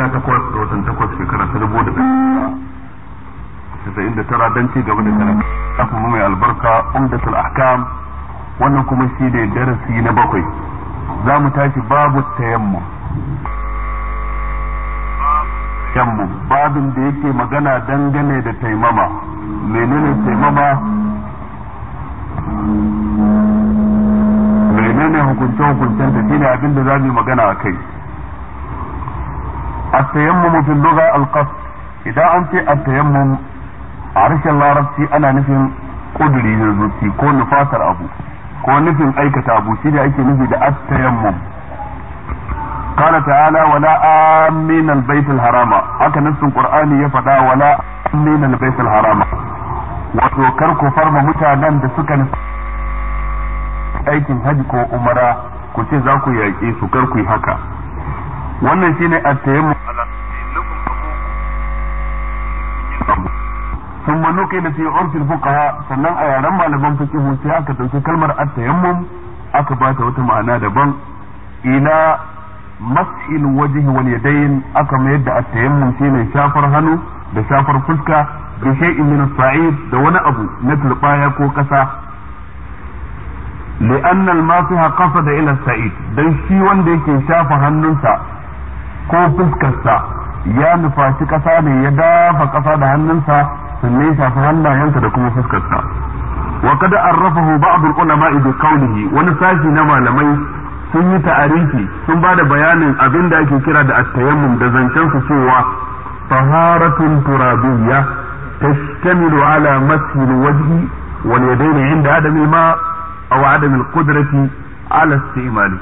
sha takwas ga watan takwas shekara ta dubu da casa'in da tara don ci gaba da tara kafin mai albarka umdatul ahkam wannan kuma shi ne darasi na bakwai za mu tashi babu tayammum tayammum babin da yake magana dangane da taimama menene taimama menene hukunce hukuncen ta shine abin da za mu yi magana a kai at-tayammum fil lugha al-qasd idan an ce at mu a harshen larabci ana nufin kuduri da zuci ko nufatar abu ko nufin aikata abu shi da ake nufi da at-tayammum قال تعالى ولا آمين البيت الحرام هكا نفس القرآن يفدا ولا آمين البيت الحرام wato kar ku farma mutanen da suka aikin hajji ko umara ku ce za ku yaƙe su kar ku yi haka wannan shine at-tayammum ثم da في عرف الفقهاء sannan a yaren malaman fiqh sai aka dauki kalmar at-tayammum aka bata wata ma'ana daban ila mas'il wajhi wal yadayn aka mayar da at-tayammum shine shafar hannu da shafar fuska da shay'in min said da wani abu na turbaya ko kasa لأن الماسح da ila sa'id dan shi wanda yake shafa hannunsa ko fuskarsa ya nufaci ƙasa ne ya dafa ƙasa da hannunsa sannan ya shafi hannayensa da kuma fuskarsa wa kada arrafahu ba'd al-ulama bi qawlihi wani sashi na malamai sun yi ta'arifi sun ba da bayanin abin da ake kira da at-tayammum da zancen su cewa taharatun turabiyya tashtamilu ala mashi al-wajhi daina yadayni inda adam ma a adam al-qudrati ala istimali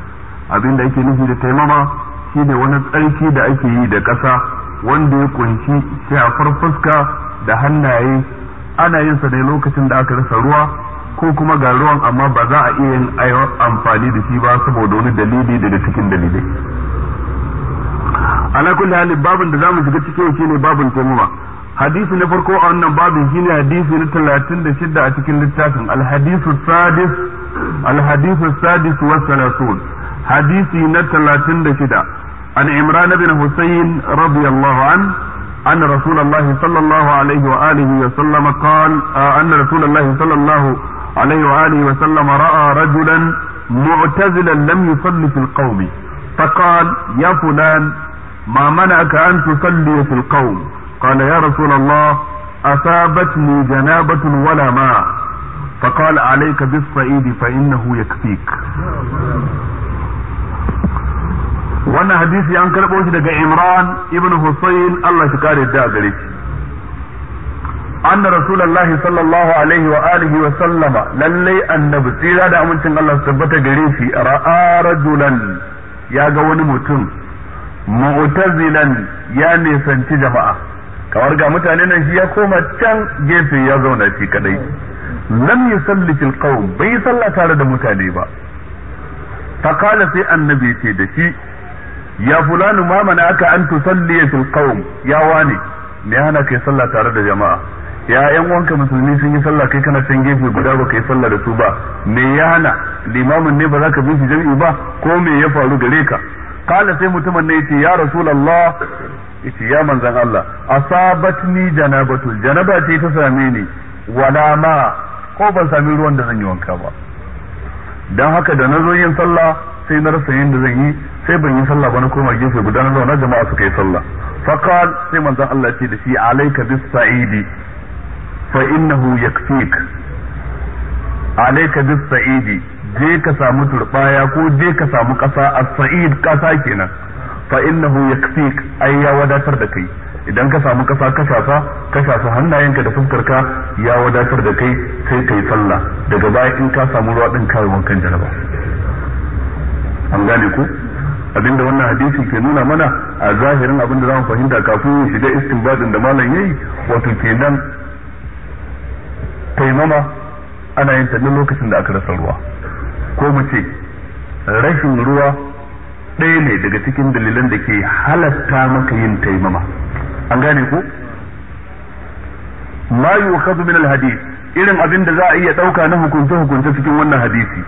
abin da ake nufi da taimama. shine wani tsarki da ake yi da ƙasa wanda ya kunshi shafar fuska da hannaye ana yin sa ne lokacin da aka rasa ruwa ko kuma ga ruwan amma ba za a iya yin amfani da shi ba saboda wani dalili daga cikin dalilai ala kulli hali babin da zamu shiga cikin shine babin taimama hadisi na farko a wannan babin shine hadisi na 36 a cikin littafin al hadisu sadis al hadisu sadis wa حديثي نتلا talatin عن عمران بن حسين رضي الله عنه أن رسول الله صلى الله عليه وآله وسلم قال آه، أن رسول الله صلى الله عليه وآله وسلم رأى رجلا معتزلا لم يصلي في القوم فقال يا فلان ما منعك أن تصلي في القوم قال يا رسول الله أصابتني جنابة ولا ماء فقال عليك بالصعيد فإنه يكفيك wannan hadisi an karɓo shi daga Imran ibn Husayn Allah shi kare da gare shi anna rasulullahi sallallahu alaihi wa alihi wa sallama lallai annabi tsira da amincin Allah su tabbata gare shi ra'a rajulan ya ga wani mutum mu'tazilan ya nisanci jama'a kamar ga mutane nan shi ya koma can gefe ya zauna shi kadai lam yusalli fil qawm bai sallata tare da mutane ba fakala sai annabi ce da shi ya fulani ma mana aka an ya fil qaum ya wane me hana kai sallah tare da jama'a ya yan wanka musulmi sun yi sallah kai kana can gefe guda ba kai sallah da su ba me ya hana limamin ne ba za ka binci jami'u ba ko me ya faru gare ka kala sai mutumin ne yace ya rasulullah yace ya manzan Allah asabatni janabatul janaba ce ta same ni wala ma ko ban sami ruwan da zan yi wanka ba dan haka da na zo yin sallah sai na rasa yin da zan yi sai ban yi sallah ba na koma gefe guda na zauna jama'a suka yi sallah faqal sai manzon Allah ce da shi alayka bis sa'idi fa innahu yakfik alayka bis sa'idi je ka samu turbaya ko je ka samu kasa as-sa'id kasa kenan fa innahu yakfik ai ya wadatar da kai idan ka samu kasa ka shafa ka shafa hannayenka da fuskarka ya wadatar da kai sai kai sallah daga baya in ka samu ruwa din kai wankan jaraba an gane ku abinda wannan hadisi ke nuna mana a zahirin abinda zamu fahimta kafin mu shiga istinbadin da malam yayi wato kenan taimama ana yin ta lokacin da aka rasa ruwa ko mu ce rashin ruwa ɗaya ne daga cikin dalilan da ke halatta maka yin taimama an gane ku ma yukhadhu min alhadith irin abin da za a iya ɗauka na hukunce hukunce cikin wannan hadisi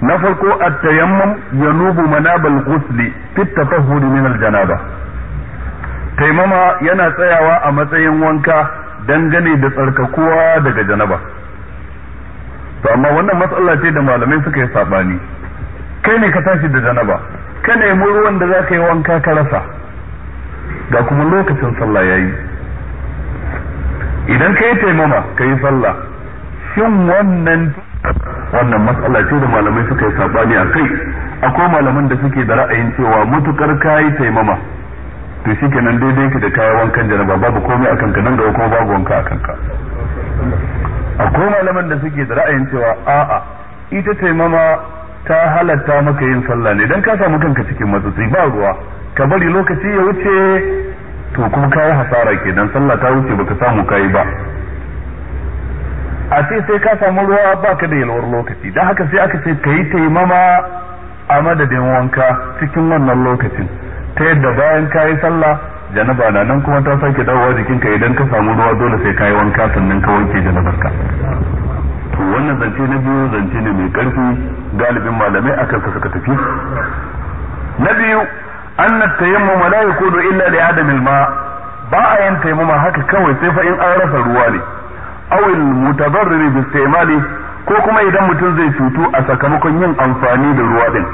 na farko at-tayammum yanubu manabal ghusli fi at-tafahhud min al-janaba taimama yana tsayawa a matsayin wanka dangane da tsarkakuwa daga janaba to amma wannan matsala ce da malamai suka yi sabani kai ne ka tashi da janaba kai yi ruwan da za ka yi wanka ka rasa ga kuma lokacin sallah ya yi idan ka yi taimama ka yi sallah shin wannan wannan matsala ce da malamai suka yi sabani a kai akwai malaman da suke da ra'ayin cewa matukar ka yi taimama to shi kenan daidai ki da kayan wankan janaba babu komai a kanka nan gaba kuma babu wanka a kanka akwai malaman da suke da ra'ayin cewa a'a ita taimama ta halatta maka yin sallah ne idan ka samu kanka cikin matsatsi ba ruwa ka bari lokaci ya wuce to kuma kayi hasara ke dan sallah ta wuce baka samu kayi ba a ce sai ka samu ruwa ba ka da yalwar lokaci dan haka sai aka ce ka yi taimama a madadin wanka cikin wannan lokacin ta yadda bayan kayi sallah janaba na nan kuma ta sake dawowa jikinka idan ka samu ruwa dole sai kayi wanka sannan ka wanke janabarka to wannan zance na biyu zance ne mai karfi galibin malamai akan suka tafi na biyu anna tayammuma la yakunu illa li adamil ma ba a yin taimama haka kawai sai fa in an rasa ruwa ne aw al mutadarrir bi istimali ko kuma idan mutum zai cutu a sakamakon yin amfani da ruwa din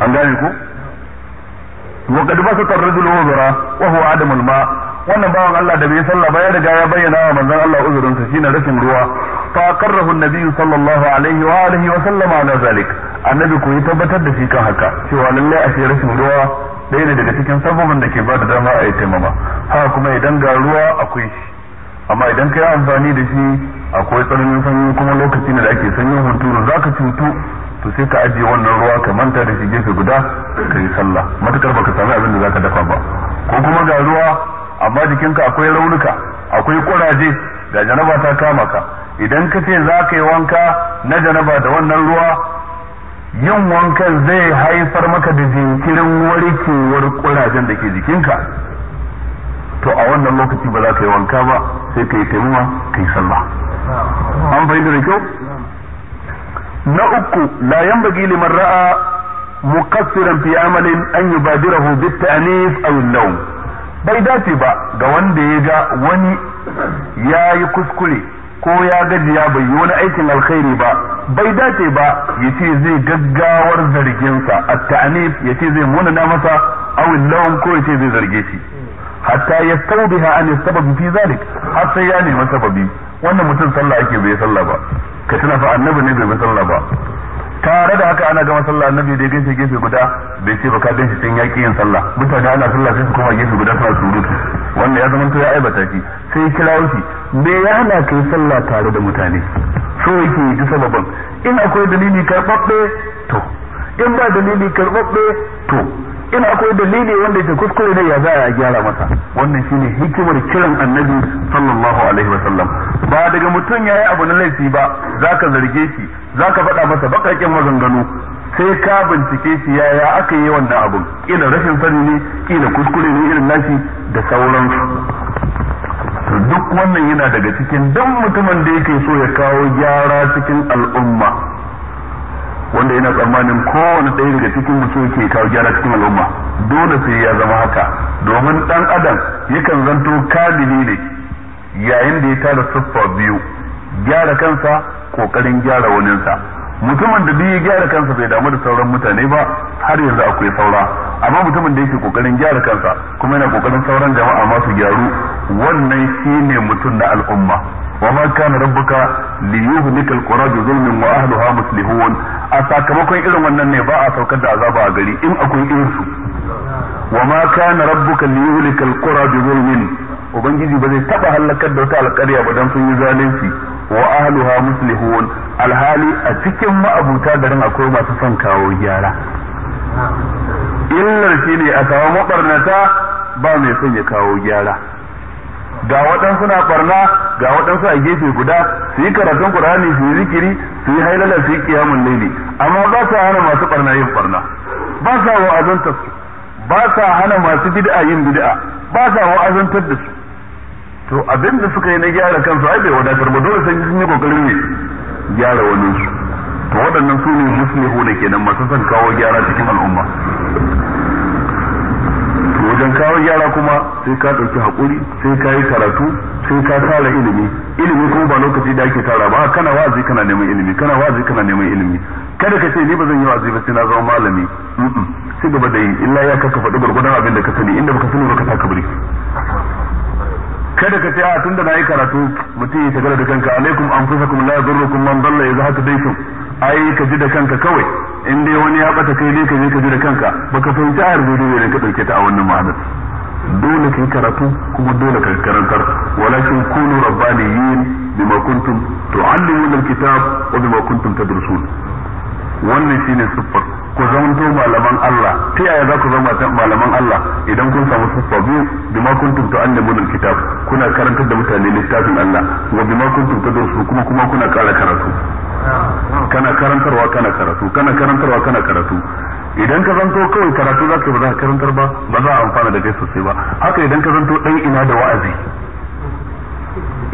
an gane ku وقد بسط الرجل وزرا وهو عدم ma. wannan bawan Allah da bai sallah ba ya riga ya bayyana wa manzon Allah uzurinsa shine rashin ruwa fa karrahu an sallallahu alaihi wa alihi wa sallama ala zalik annabi ko ya tabbatar da shi kan haka cewa lalle a rashin ruwa Daina ne daga cikin sababin da ke ba da dama a yi taimama haka kuma idan ga ruwa akwai shi amma idan ka yi amfani da shi akwai tsananin sanyi kuma lokaci ne da ake sanyin hunturu za ka cutu to sai ka ajiye wannan ruwa ka manta da shi gefe guda ka yi sallah matukar baka sami abin da za ka dafa ba ko kuma ga ruwa amma jikinka akwai raunuka akwai kuraje da janaba ta kama ka idan ka ce za ka yi wanka na janaba da wannan ruwa yin wankan zai haifar maka da jinkirin warkewar kurajen da ke jikinka to a wannan lokaci ba za ka yi wanka ba sai ka yi taimama ka yi sallah an fahimta da kyau na uku la bagi liman ra'a muqassiran fi amalin an yubadirahu bit ta'nif aw an bai dace ba ga wanda ya ga wani ya yi kuskure ko ya gajiya bai yi wani aikin alkhairi ba bai dace ba ya ce zai gaggawar zarginsa a ta'ani ya ce zai munana masa awin lawan ko ya ce zai zarge shi hatta ya taubiha an sababi fi zalik har sai ya nemi sababi wannan mutum sallah ake bai sallah ba ka tuna fa annabi ne bai sallah ba tare da haka ana gama sallah annabi da gaishe gefe guda bai ce ba ka gaishe sun yaki yin sallah mutane ana sallah sai su koma gefe guda suna surutu wanda ya zama to ya aibata shi sai kira shi me ya hana kai sallah tare da mutane so yake ji sababin in akwai dalili karɓaɓɓe to in ba dalili karɓaɓɓe to in akwai dalili wanda ke kuskure ne ya za a gyara masa wannan shine hikimar kiran annabi sallallahu alaihi wa sallam ba daga mutum ya yi abu na laifi ba zaka zarge shi zaka faɗa masa bakakin maganganu sai ka bincike shi ya ya aka yi wannan abun kila rashin sani ne kila kuskure ne irin nashi da sauransu duk wannan yana daga cikin dan mutumin da yake so ya kawo gyara cikin al'umma wanda yana tsammanin kowane ɗaya daga cikin mutum ke kawo gyara cikin al'umma dole sai ya zama haka domin ɗan adam yakan zanto kalibi ne yayin da ya tara siffa biyu gyara kansa kokarin gyara waninsa mutumin da duk ya gyara kansa bai damu da sauran mutane ba har yanzu akwai saura amma mutumin da yake kokarin gyara kansa kuma yana kokarin sauran jama'a masu gyaru wannan shine mutum na al'umma وما كان ربك ليهلك القرى بظلم واهلها مصلحون sakamakon irin wannan ne ba a saukar da azaba a gari in akwai irin su وما كان ربك ليهلك القرى بظلم ubangiji ba zai taba halakar da wata alƙarya ba dan sun yi zalunci wa ahluha muslihun alhali a cikin ma'abuta garin akwai masu son kawo gyara illar shine a kawo mabarnata ba mai son ya kawo gyara ga waɗansu na farna ga waɗansu a gefe guda su yi karatun qur'ani su yi zikiri su yi hailala su yi qiyamul layli amma ba sa hana masu farna yin farna ba sa wa'azantar su ba sa hana masu bid'a yin bid'a ba sa wa'azantar da su to abin da suka yi na gyara kansu ai bai wadatar ba dole sai sun yi kokarin ne gyara wani su to waɗannan su ne muslihu da kenan masu son kawo gyara cikin al'umma to wajen kawo yara kuma sai ka ɗauki haƙuri sai ka yi karatu sai ka tara ilimi ilimi kuma ba lokaci da ake tara ba kana wa'azi kana neman ilimi kana wa'azi kana neman ilimi kada ka ce ni ba zan yi wa'azi ba sai na zama malami sai gaba da yi illa ya ka faɗi gwargwadon abin da ka sani inda baka sani ba ka taka birki kada ka ce a tunda na yi karatu mutum ya tagara da kanka alaikum anfusakum la yadurrukum man dalla idza hatadaytum ai ka ji da kanka kawai in dai wani ya bata kai dai ka je ka ji da kanka baka fahimci ayar gudu ne ka dauke ta a wannan ma'anar dole kai karatu kuma dole ka karantar walakin kunu rabbaniyin bima kuntum tu'allimuna alkitab wa bima kuntum tadrusun wannan shine siffar ku to malaman Allah ta yaya za ku zama malaman Allah idan kun samu siffa biyu bima kuntum mun kitab kuna karantar da mutane littafin Allah wa bima kuntum su kuma kuma kuna kara karatu kana karantarwa kana karatu kana karantarwa kana karatu idan ka zanto kawai karatu za ka ba za ka karantar ba ba za a amfana da kai sosai ba haka idan ka zanto dan ina da wa'azi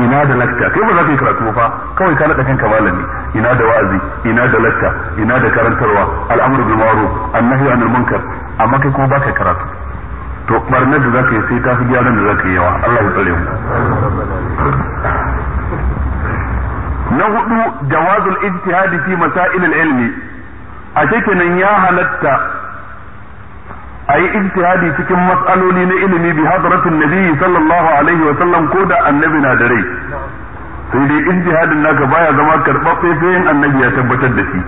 ina da lakta kai ba za ka yi karatu ba kawai ka naɗa kanka malami ina da wa'azi ina da lakta ina da karantarwa al'amru bil ma'ruf annahyu anil munkar amma kai kuma baka karatu to barnar da zaka yi sai ta fi gyaran da zaka yi yawa Allah ya tsare mu na hudu jawazul ijtihadi fi masail al-ilmi a cikin ya halatta a yi ijtihadi cikin matsaloli na ilimi bi hadratin nabi sallallahu alaihi wa sallam ko da annabi na da rai sai dai ijtihadin naka baya zama karɓaɓɓe sai annabi ya tabbatar da shi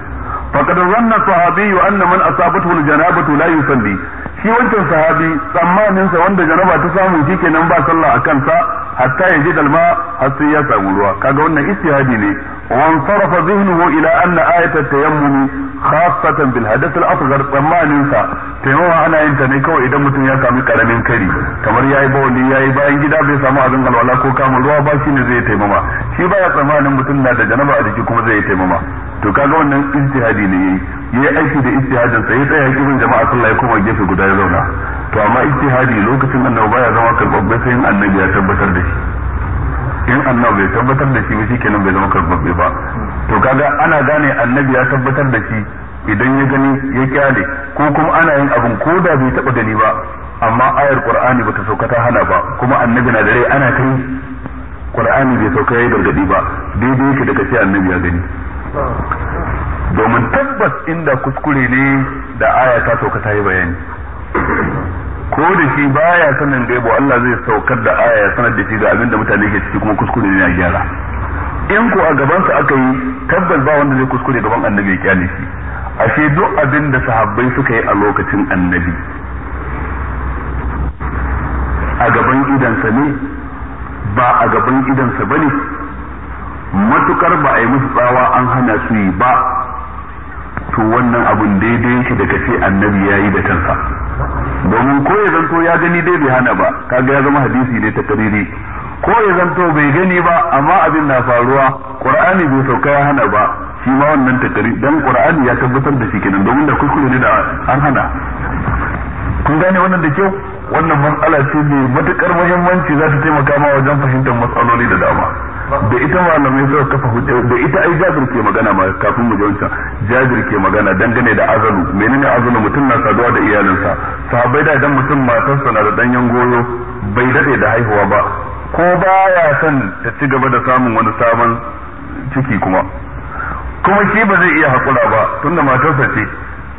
faqad zanna sahabi anna man asabathu al-janabatu la yusalli shi wancan sahabi tsammanin sa wanda janaba ta samu shikenan ba sallah a kansa hatta yaji dalma har sai ya samu ruwa kaga wannan ijtihadi ne wa sarafa zihnuhu ila anna ayata tayammum khasatan bil hadath al asghar tsammanin sa taimawa ana yin ta ne kawai idan mutum ya sami karamin kari kamar yayi ya yi bayan gida bai samu abin alwala ko kamun ruwa ba shi ne zai taimama shi baya tsammanin mutum na da janaba a jiki kuma zai taimama to kaga wannan ijtihadi ne yayi yayi aiki da ijtihadin sa ya tsaya kibin jama'a sallah ya koma gefe guda ya to amma ijtihadi lokacin annabi baya zama karbabbe sai annabi ya tabbatar da shi in annabi bai tabbatar da shi ba shikenan bai zama karbabbe ba to kaga ana gane annabi ya tabbatar da shi idan ya gani ya kyale ko kuma ana yin abin ko da bai taba gani ba amma ayar qur'ani bata sauka ta hana ba kuma annabi na da rai ana kai qur'ani bai sauka yayi gargadi ba daidai yake daga sai annabi ya gani domin tabbas inda kuskure ne da aya ta sauka ta yi bayani ko da shi baya sanin gaibo Allah zai saukar da aya ya sanar da shi ga abin da mutane ke ciki kuma kuskure ne ya gyara in ko a gaban aka yi tabbas ba wanda zai kuskure gaban annabi ya kyale shi ashe duk abin da sahabbai suka yi a lokacin annabi a gaban idansa ne ba a gaban idansa bane matukar ba a yi musu tsawa an hana su yi ba to wannan abun daidai yake da ce annabi ya yi da kansa domin ko ya zanto ya gani dai bai hana ba kaga ya zama hadisi ne ta kariri ko ya zanto bai gani ba amma abin na faruwa qur'ani bai sauka ya hana ba shi ma wannan takari dan qur'ani ya tabbatar da shi kenan domin da kuskure ne da an hana kun gane wannan da kyau wannan matsala ce mai matukar muhimmanci za ta taimaka ma wajen fahimtar matsaloli da dama da ita malamai suka kafa hujja da ita ai jabir ke magana ma kafin mu jawanta jabir ke magana dangane da azalu menene azalu mutum na saduwa da iyalinsa sahabbai da idan mutum matarsa na da danyen goyo bai dade da haihuwa ba ko baya son ta ci gaba da samun wani sabon ciki kuma kuma shi ba zai iya haƙura ba tunda matarsa ce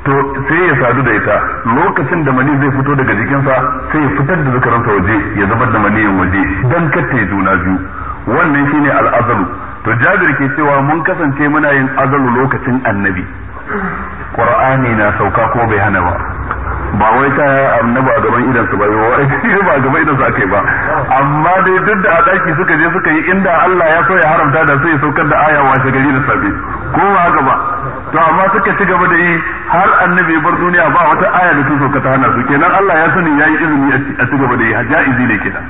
to sai ya sadu da ita lokacin da mani zai fito daga jikinsa sai ya fitar da zakarinsa waje ya zubar da maniyin waje dan katta juna biyu wannan shine al'azalu to jabir ke cewa mun kasance muna yin azalu lokacin annabi qur'ani na sauka ko bai hana ba ba wai ta annabi a gaban idan su ba wai ba a gaban idan su ake ba amma dai duk da a daki suka je suka yi inda Allah ya so ya haramta da sai saukar da aya washe gari da safe ko ba haka ba to amma suka ci gaba da yi har annabi bar duniya ba wata aya da su sauka ta hana su kenan Allah ya sani yayi izini a ci gaba da yi jaizi ne kenan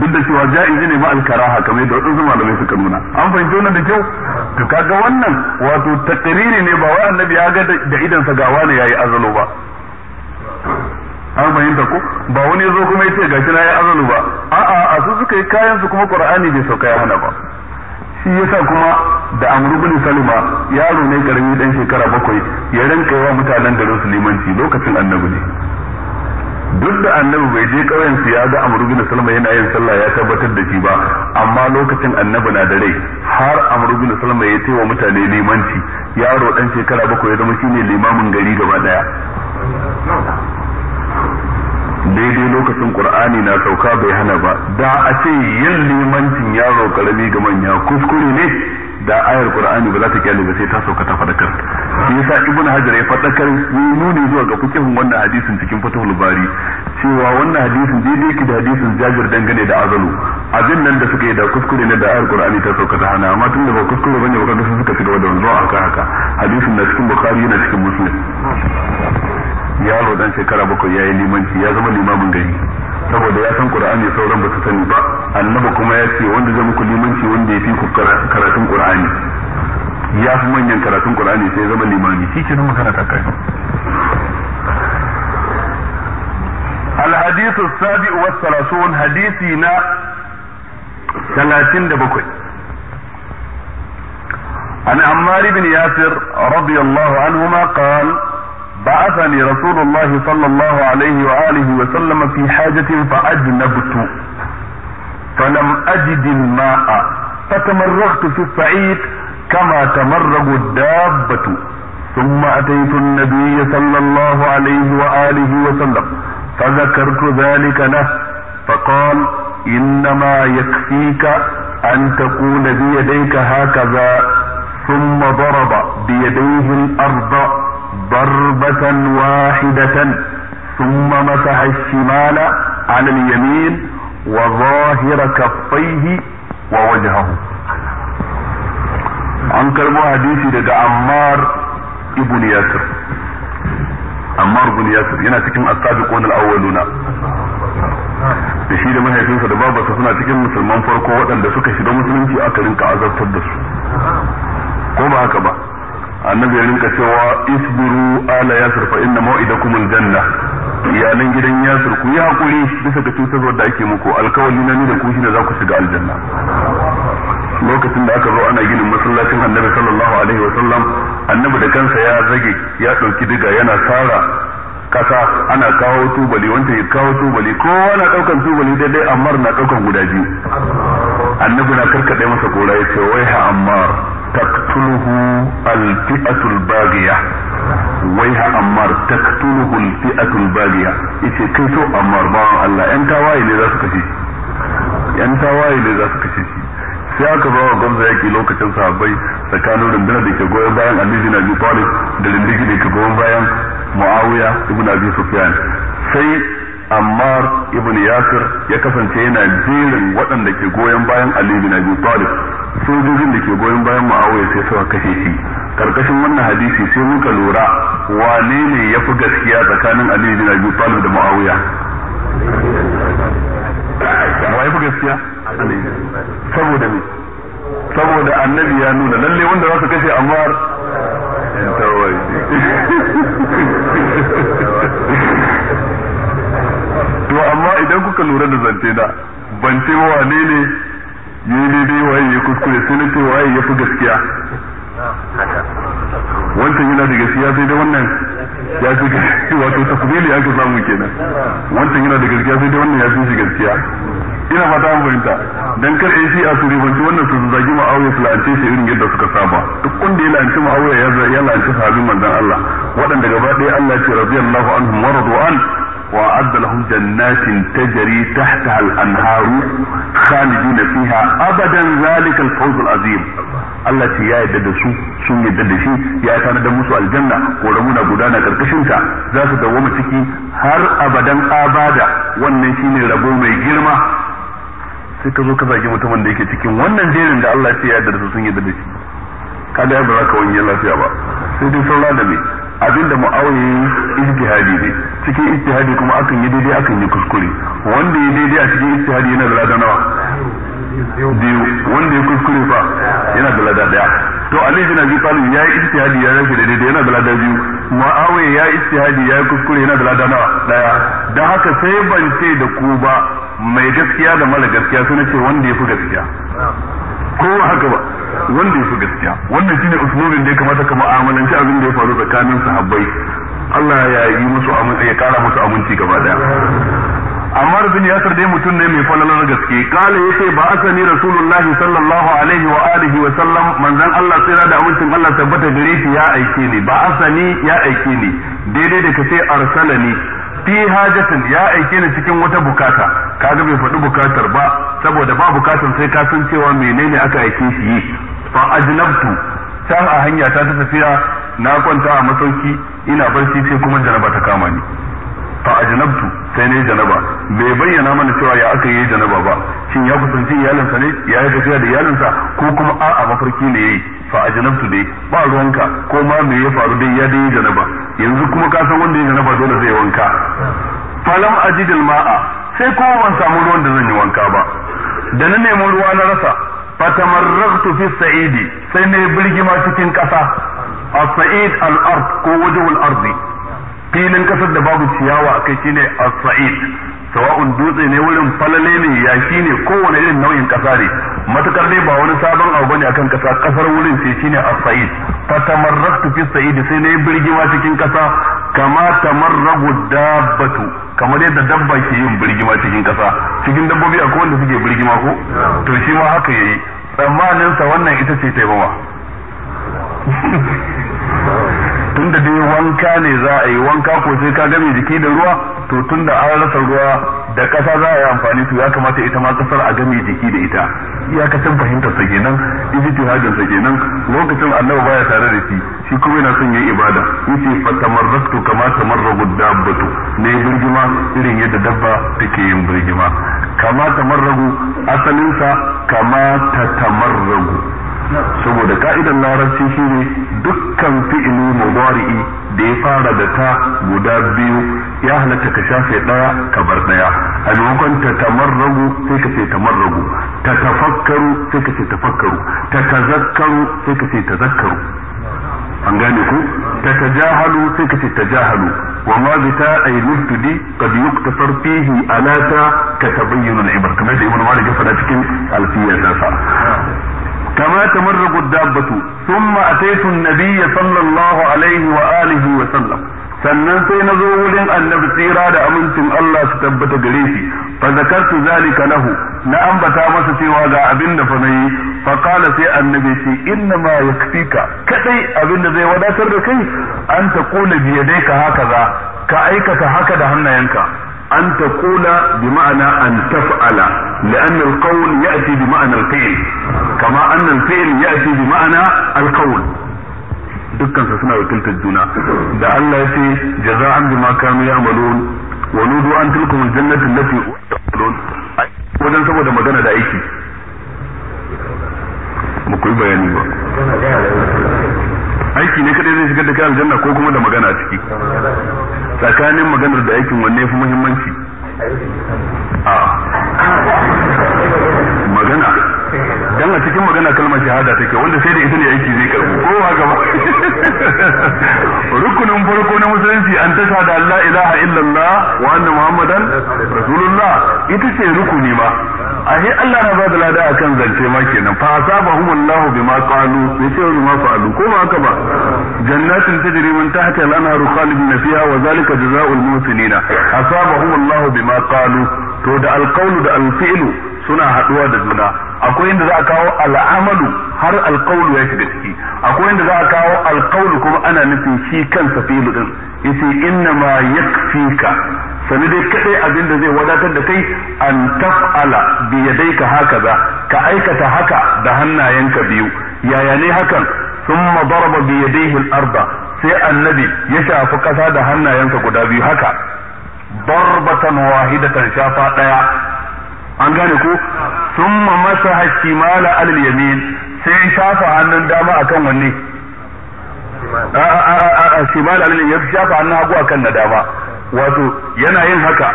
duk da cewa jaizi ne ba alkaraha kamar yadda wasu malamai suka nuna an fahimci wannan da kyau to kaga wannan wato takriri ne ba wai annabi ya ga da idan sa ga wani yayi azalo ba an fahimta ko ba wani zo kuma yace gashi na yi azalu ba a'a a su suka yi kayan su kuma qur'ani bai sauka ya hana ba shi yasa kuma da amru bin salima yaro ne karami dan shekara bakwai ya ranka wa mutanen garin su limanci lokacin annabi ne duk da annabi bai je ƙauyen su ya ga amru bin Salma yana yin sallah ya tabbatar da shi ba amma lokacin annabi na da rai har amru bin Salma ya taiwa mutane limanci yaro dan shekara bakwai ya zama shine limamin gari gaba daya daidai lokacin qur'ani na sauka bai hana ba da a ce yin limancin yaro karami ga manya kuskure ne da ayar qur'ani ba za ta kyale ba sai ta sauka ta fadakar shi yasa ibnu hajar ya fadakar nuni zuwa ga kukin wannan hadisin cikin fatahul bari cewa wannan hadisin daidai ki da hadisin jabir dangane da azalu abin nan da suka yi da kuskure ne da ayar qur'ani ta sauka ta hana amma tunda ba kuskure bane ba kaga suka shiga da zuwa aka haka hadisin na cikin bukhari yana cikin muslim yaro dan shekara bakwai ya yi limanci ya zama limamin gari saboda ya san qur'ani sauran ba su sani ba annabi kuma ya ce wanda zai muku limanci wanda ya fi ku karatun qur'ani ya fi manyan karatun qur'ani sai zama limami shi ke nan magana ta kai الحديث السابع والثلاثون حديثنا ثلاثين دبكوي عن عمار بن ياسر رضي الله عنهما قال بعثني رسول الله صلى الله عليه وآله وسلم في حاجة فأجنبت فلم أجد الماء فتمرغت في الصعيد كما تمرغ الدابة ثم أتيت النبي صلى الله عليه وآله وسلم فذكرت ذلك له فقال إنما يكفيك أن تقول بيديك هكذا ثم ضرب بيديه الأرض ضربة واحدة ثم مسح الشمال على اليمين وظاهر كفيه ووجهه an karbo hadisi daga Ammar ibn Yasir Ammar ibn Yasir yana cikin as-sabiqun al-awwaluna da shi da mahaifinsa da babarsa suna cikin musulman farko waɗanda suka shiga musulunci aka rinka azabtar da su ko ba haka ba annabi ya rinka cewa isbiru ala yasir fa inna mau'idakum aljanna iyalan gidan yasir ku yi hakuri bisa ga cutarwar da ake muku alkawali na ni da ku shine za ku shiga aljanna lokacin da aka zo ana ginin masallacin annabi sallallahu alaihi wa sallam annabi da kansa ya zage ya dauki diga yana sara kasa ana kawo tubali wanda ya kawo tubali kowa na daukan tubali daidai ammar na daukan guda biyu annabi na karkade masa gora ya wai ha ammar تقتله الفئة الباغية ويها أمار تقتله الفئة الباغية إذا كنت أمار باع الله أنت واي لذاتك أنت واي لذاتك sai aka zo wa gwamza yaki lokacin sahabbai tsakanin rundunar da ke goyon bayan Ali na biyu Talib da rundunar da ke goyon bayan Muawiya ibn Abi Sufyan sai Ammar ibn Yasir ya kasance yana jerin waɗanda ke goyon bayan Ali na biyu Talib sojojin da ke goyon bayan ma'awai sai suka kashe shi karkashin wannan hadisi sai muka lura wane ne ya fi gaskiya tsakanin aliyu bin abi talib da muawiya wa ya fi gaskiya saboda ne saboda annabi ya nuna lalle wanda za su kashe ammar to amma idan kuka lura da zance da ban ce wane ne yi daidai waye ya kuskure sai na ce waye ya fi gaskiya wancan yana da gaskiya sai da wannan ya fi gaskiya wato takubili aka samu kenan wancan yana da gaskiya sai da wannan ya fi shi gaskiya ina fata an fahimta dan kar ai shi a su ribanci wannan su zagi ma'awiya su la'ance shi irin yadda suka saba duk wanda ya la'anci ma'awiya ya la'anci sahabin manzon Allah waɗanda gaba ɗaya Allah ya ce radiyallahu anhum wa radu an وأعد لهم جنات hal anharu الأنهار خالدين فيها أبدا ذلك الفوز العظيم Allah ce ya yadda da su sun yadda da shi ya tanadar musu aljanna ko ramuna gudana ta za su dawoma ciki har abadan abada wannan shine rabo mai girma sai ka zo ka zagi mutumin da yake cikin wannan jerin da Allah ce ya yadda da su sun yadda da shi kada ya ba za ka wani lafiya ba sai dai saura da me abinda mu'awiya ijtihadi ne cikin ijtihadi kuma akan yi daidai akan yi kuskure wanda ya daidai a cikin ijtihadi yana da lada nawa biyu wanda ya kuskure fa yana da lada daya to Ali bin Abi Talib ya yi ijtihadi ya rage da daidai yana da lada biyu Muawiya ya yi ijtihadi ya yi kuskure yana da lada nawa daya dan haka sai ban ce da ku ba mai gaskiya da mara gaskiya sai ce wanda ya fi gaskiya ko haka ba wanda ya fi gaskiya wannan shine usulobin da ya kamata ka ma'amalanci abin da ya faru tsakanin sahabbai Allah ya yi musu aminci ya kara musu aminci gaba daya amma bin yasar dai mutum ne mai falalar gaske kala ce ba asani rasulullahi sallallahu alaihi wa alihi wa sallam manzon Allah tsira da amincin Allah tabbata gare shi ya aike ni ba asani ya aike ni daidai da kace ne. fi hajatin ya aike ni cikin wata bukata kaga bai faɗi bukatar ba saboda ba bukatar sai ka san cewa menene aka aike shi yi fa ajnabtu can a hanya ta ta tafiya na kwanta a masauki ina barci sai kuma janaba ta kama ni fa ajnabtu sai ne janaba bai bayyana mana cewa ya aka yi janaba ba shin ya kusanci iyalinsa ne ya yi tafiya da iyalinsa ko kuma a'a mafarki ne yayi fa ajnabtu dai ba ruwanka ko ma me ya faru dai ya dai janaba yanzu kuma ka san wanda na janaba da zai wanka falam ajidil ma'a sai kuma ban samu ruwan da zan yi wanka ba da na nemi ruwa na rasa fatamarraktu fi sa'idi sai na birgima cikin kasa as-sa'id al-ard ko wajhul ardi filin kasar da babu ciyawa a kai shine as-sa'id sawa'un dutse ne wurin falale ne yashi ne kowane irin nau'in kasa ne matukar dai ba wani sabon abu bane akan kasa kasar wurin ce shine as-sa'id fa tamarraktu fi sa'id sai ne birgima cikin kasa kama tamarragu dabbatu kamar yadda dabba ke yin birgima cikin kasa cikin dabbobi akwai wanda suke birgima ko to shi ma haka yayi tsammanin sa wannan ita ce taimawa tunda dai wanka ne za a yi wanka ko sai ka game jiki da ruwa to tunda an rasa ruwa da ƙasa za a yi amfani su ya kamata ita ma kasar a game jiki da ita ya san fahimtar sa kenan ijtihadin sa kenan lokacin annabi baya tare da shi shi kuma yana son yayi ibada yace fatamarratu kama tamarrabu dabbatu ne birgima irin yadda dabba take yin birgima kama tamarragu asalin sa kama ta tamarragu. saboda ka'idar larabci ne dukkan fi'ili mudari'i da ya fara da ta guda biyu ya halatta ka shafe daya ka bar daya a maimakon ta tamarragu sai ka ce tamarragu ta tafakkaru sai ka ce tafakkaru ta tazakkaru sai ka ce tazakkaru an gane ku ta tajahalu sai ka ce tajahalu wa ma bi ta ay nuftudi qad yuktasar fihi alata ka tabayyana al-ibar kamar da ibn Malik ya faɗa cikin alfiyar nasa كما تمرق الدابة ثم أتيت النبي صلى الله عليه وآله وسلم sannan sai na zo wurin annabi tsira da amincin Allah su tabbata gare shi fa zakartu zalika lahu na ambata masa cewa ga abin da fa nayi fa qala sai annabi ce inna ma yakfika kadai abin da zai wadatar da kai an ta kula bi haka hakaza ka aikata haka da hannayenka an ta kula bi ma'ana an taf'ala لأن القول يأتي بمعنى الفعل كما أن الفعل يأتي بمعنى القول dukkan su suna wakiltar juna da Allah ya ce jaza'an bima kanu ya'malun wa nudu an tilkum aljannatu allati u'tadun wajen saboda magana da aiki aiki ne kadai zai shigar da kai aljanna ko kuma da magana a ciki tsakanin maganar da aikin wanne ya fi muhimmanci magana dan a cikin magana kalmar shahada take wanda sai da ita ne aiki zai karbu ko ba gaba rukunin farko na musulunci an tasha da Allah ilaha illallah wa anna muhammadan rasulullah ita ce rukuni ma a he Allah na ba da lada akan zance ma kenan fa asabahum Allah bima qalu sai ce bima fa'alu ko ba haka ba jannatin tajri min tahtiha al-anharu khalidina fiha wa zalika jazaa'ul muhsinina asabahum Allah bima qalu to da alqawlu da alfi'lu suna haduwa da juna akwai inda za a kawo al'amalu har alqawlu ya shiga ciki akwai inda za a kawo alqawlu kuma ana nufin shi kansa fi'lu din yace inna ma yakfika sani dai kadai abin da zai wadatar da kai an taf'ala bi yadayka hakaza ka aikata haka da hannayenka biyu yaya ne hakan thumma mabarba bi yadayhi al-arda sai annabi ya shafi kasa da hannayensa guda biyu haka darbatan wahidatan shafa daya an gane ko summa masaha shimala alal yamin sai shafa hannun dama akan wanne a shimala alal ya shafa hannun hagu akan na dama wato yana yin haka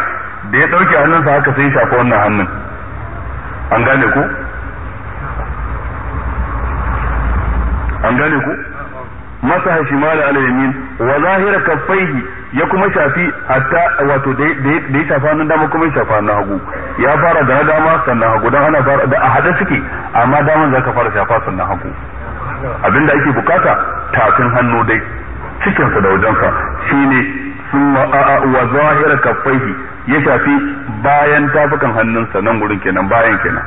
da ya dauke hannunsa haka sai shafa wannan hannun an gane ko an gane ko masa shimala ala wa zahira kaffaihi ya kuma shafi hatta wato da ya shafa nan dama kuma ya shafa na hagu ya fara da dama sannan hagu dan ana fara da a hada suke amma daman zaka fara shafa sannan hagu abinda ake bukata tafin hannu dai cikinsa da wajensa shine summa wa zahira kaffaihi ya shafi bayan tafukan hannunsa nan gurin kenan bayan kenan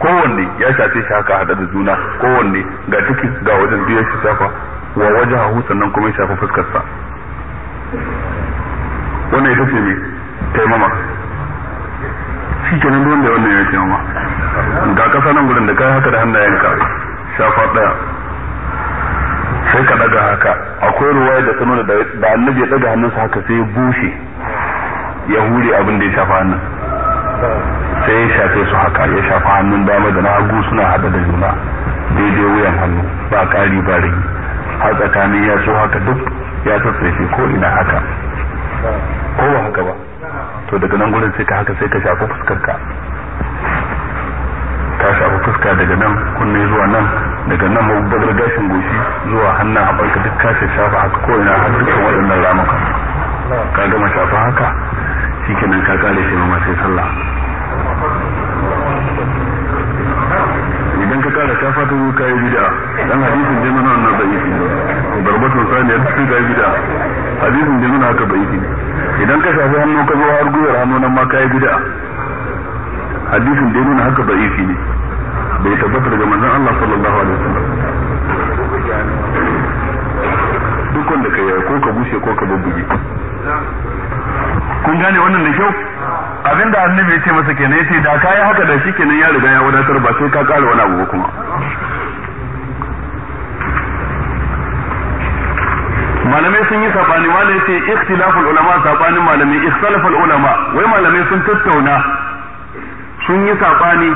kowanne ya shafe shi haka hada da juna kowanne ga ciki ga wajen biyar shi shafa wa hahu sannan kuma ya shafa fuskarsa wannan ita ce ne taimama shi ke nan duwanda wannan ya taimama ga kasa nan gudun da kai haka da hannayenka shafa daya sai ka daga haka akwai ruwaya da sanuna da annabi ya daga hannunsa haka sai ya bushe ya hure abin da ya shafa hannun sai ya shafe su haka ya shafi hannun dama da na hagu suna hada da juna daidai wuyan hannu ba kari ba rigi har tsakanin ya so haka duk ya tsatsefe ko ina haka ko ba haka ba to daga nan gurin sai ka haka sai ka shafi fuskarka ta shafi fuska daga nan kunne zuwa nan daga nan mabubar gashin goshi zuwa hannun barka duk ka shafa haka ko ina har dukkan waɗannan ramuka ka gama shafa haka shi kenan ka kare shi ma sai sallah idan ka kara kafa ta zuka yi bid'a dan hadisin jama'a na wannan da'ifi darbatun sani ya sai ga bid'a hadisin jama'a haka fi idan ka shafi hannu ka zo har hannu nan ma kai bid'a hadisin da nuna haka fi ne bai tabbata daga manzon Allah sallallahu alaihi wasallam duk wanda ka yi ko ka bushe ko ka bubbuge kun gane wannan da kyau abinda annabi ya ce masa kenan yace da kai haka da shi kenan ya riga ya wadatar ba sai ka kara wani abu kuma malamai sun yi sabani malai yace ikhtilaful ulama sabanin malamai ikhtilaful ulama wai malamai sun tattauna sun yi sabani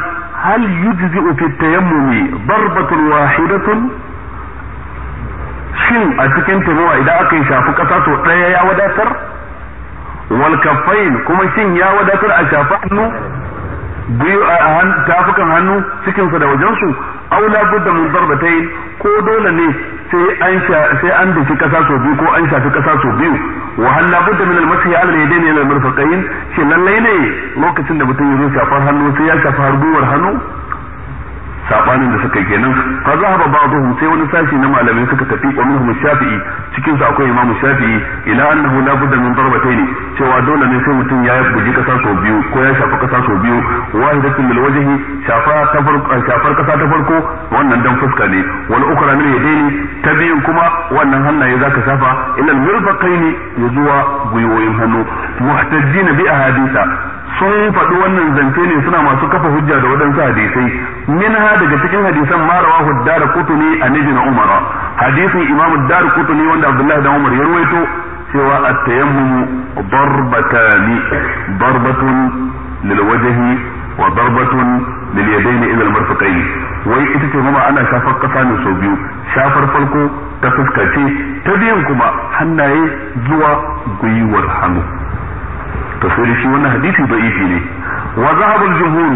hal yujzi fi tayammumi darbatun wahidatun shin a cikin tabawa idan aka yi shafi kasa to daya ya wadatar wal kuma shin ya wadatar a shafa hannu biyu a tafukan hannu cikinsa da wajensu aw la budda min darbatai ko dole ne sai an sai an dace kasa so biyu ko an shafi kasa so biyu wa hal la budda min al ala al-yadayn ila al shi lallai ne lokacin da mutum ya shafa shafar hannu sai ya shafa har hannu sabanin da suka kenan fa zahaba ba'dhum sai wani sashi na malamai suka tafi wa mun shafi'i cikin su akwai imamu shafi'i ila annahu la budda min darbatayn cewa dole ne sai mutum ya buji kasa so biyu ko ya shafa kasa so biyu wahidatun bil wajhi shafa ta farko shafar kasa ta farko wannan dan fuska ne wal ukhra min yadaini ta biyun kuma wannan hannaye zaka shafa ila al ya zuwa gwiwoyin hannu muhtajjina bi ahadisa sun faɗi wannan zance ne suna masu kafa hujja da waɗansu hadisai minha daga cikin hadisan ma rawahu da kutuni a ibn umar hadisin imam dar qutni wanda abdullahi da umar ya ruwaito cewa at-tayammum darbatani darbatun lil wajhi wa darbatun lil yadayn ila al-marfaqayn wai ita ce kuma ana shafar ƙasa ne sau biyu shafar farko ta fuska ce ta biyan kuma hannaye zuwa gwiwar hannu to sai shi wannan hadisi da'ifi ne wa zahabul jumhur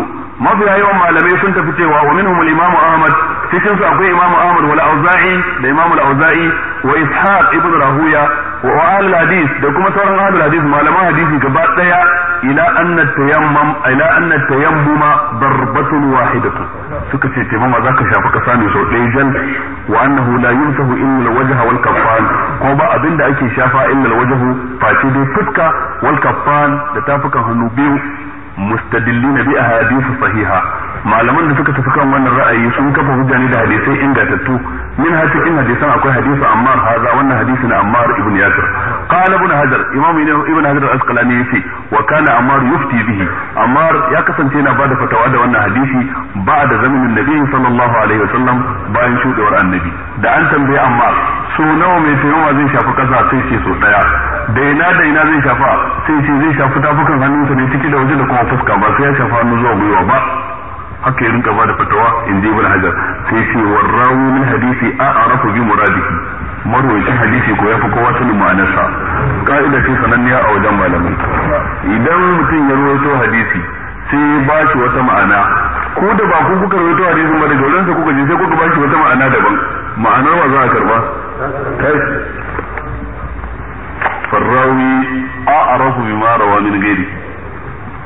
mafiya yawan malamai sun tafi cewa wa minhum al-imam ahmad cikin su akwai imam ahmad wal auza'i da imam al auza'i wa ishaq ibn rahuya wa ahlul hadis da kuma sauran ahlul hadis malaman hadisi gaba daya ila anna tayammum ila anna tayammuma darbatun wahidatun suka ce za zaka shafa ka ne sau ɗaya jan wa annahu la yumsahu illa alwajha wal kaffan ko ba abinda ake shafa illa alwajhu face dai fuska wal kaffan da tafukan hannu biyu mustadillina bi ahadith sahiha malaman da suka tafi kan wannan ra'ayi sun kafa hujja ne da hadisai ingantattu min hatta in hadisan akwai hadisi amma haza wannan hadisi na amma ibn yasir qala ibn hajar imam ibn hajar al-asqalani yace wa kana ammar yufti bihi amma ya kasance yana bada fatawa da wannan hadisi da zamanin nabi sallallahu alaihi wasallam bayan shudewar annabi da an tambaye amma so nawa mai tayyuma zai shafi kasa sai ce so daya da ina da ina zai shafa sai ce zai shafi tafukan hannunsa ne ciki da waje da kuma fuska ba sai ya shafa hannu zuwa gwiwa ba haka ya rinka bada fatawa in ji wani hajar sai shi warrawu min hadisi a arafu bi muradihi marwayi hadisi ko ya fi kowa sanin ma'anarsa ka'ida ce sananniya a wajen malamai idan mutum ya rawaito hadisi sai ba shi wata ma'ana ko da ba ku kuka rawaito hadisi ba daga sa kuka je sai kuka ba shi wata ma'ana daban ma'anar wa za a karba farrawi a arafu bi ma rawa min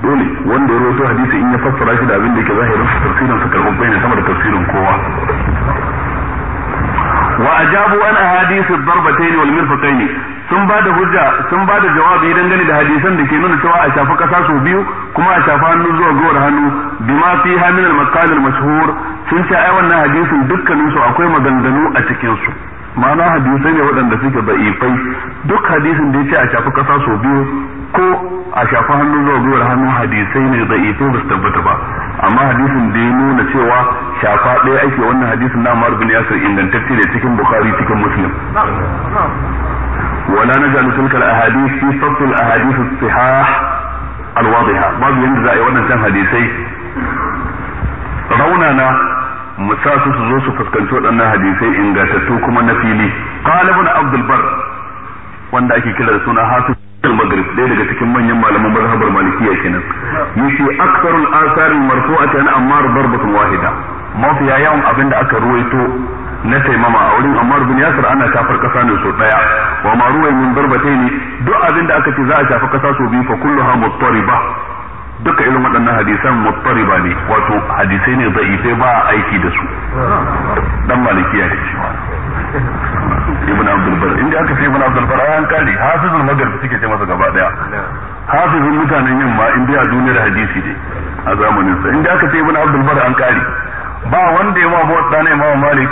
dole wanda ya rawaito hadisi in ya fassara shi da abin da ke zahirin sa tafsirin sa karbabbai bayyana sama da tafsirin kowa wa ajabu an ahadith darbatayn wal mirfaqayn sun ba da hujja sun ba da jawabi dangane da hadisan da ke nuna cewa a shafa kasa su biyu kuma a shafa hannu zuwa gowar hannu bima fi hamil al-maqal al-mashhur sun ce ai wannan hadisin dukkanin su akwai maganganu a cikin su ma'ana hadisai ne waɗanda suke da'ifai duk hadisin da ya ce a shafi kasa sau biyu ko a shafi hannu zuwa gwiwar hannu hadisai ne da'ifai ba su tabbata ba amma hadisin da ya nuna cewa shafa ɗaya ake wannan hadisin na Umar bin Yasir ingantacce da cikin Bukhari cikin Muslim wala na tilka al-ahadith fi saff al-ahadith as-sihah al babu yanda za a yi wannan hadisai raunana mu sa su su zo su fuskanci waɗannan hadisai ingantattu kuma na fili qala ibn abdul bar wanda ake kira da suna hasu المغرب ɗaya daga cikin manyan malaman mazhabar malikiya kenan yace al asar marfu'ati an ammar darbatun wahida mafiya yawan abin da aka ruwaito na taimama a wurin ammar bin yasir ana shafar kasa ne so daya wa ma ruwai min ne duk abin da aka ce za a shafa kasa so biyu fa kulluha mutariba duka irin waɗannan hadisan muttariba ne wato hadisai ne za'i sai ba a aiki da su dan malikiya ne ibn abdul bar inda aka ce ibn abdul bar ayan kare hafizul magrib suke ce masa gaba daya hafizul mutanen yamma inda a duniyar hadisi ne a zamanin sa inda aka ce ibn abdul bar an kare ba wanda ya ma wata ne imam malik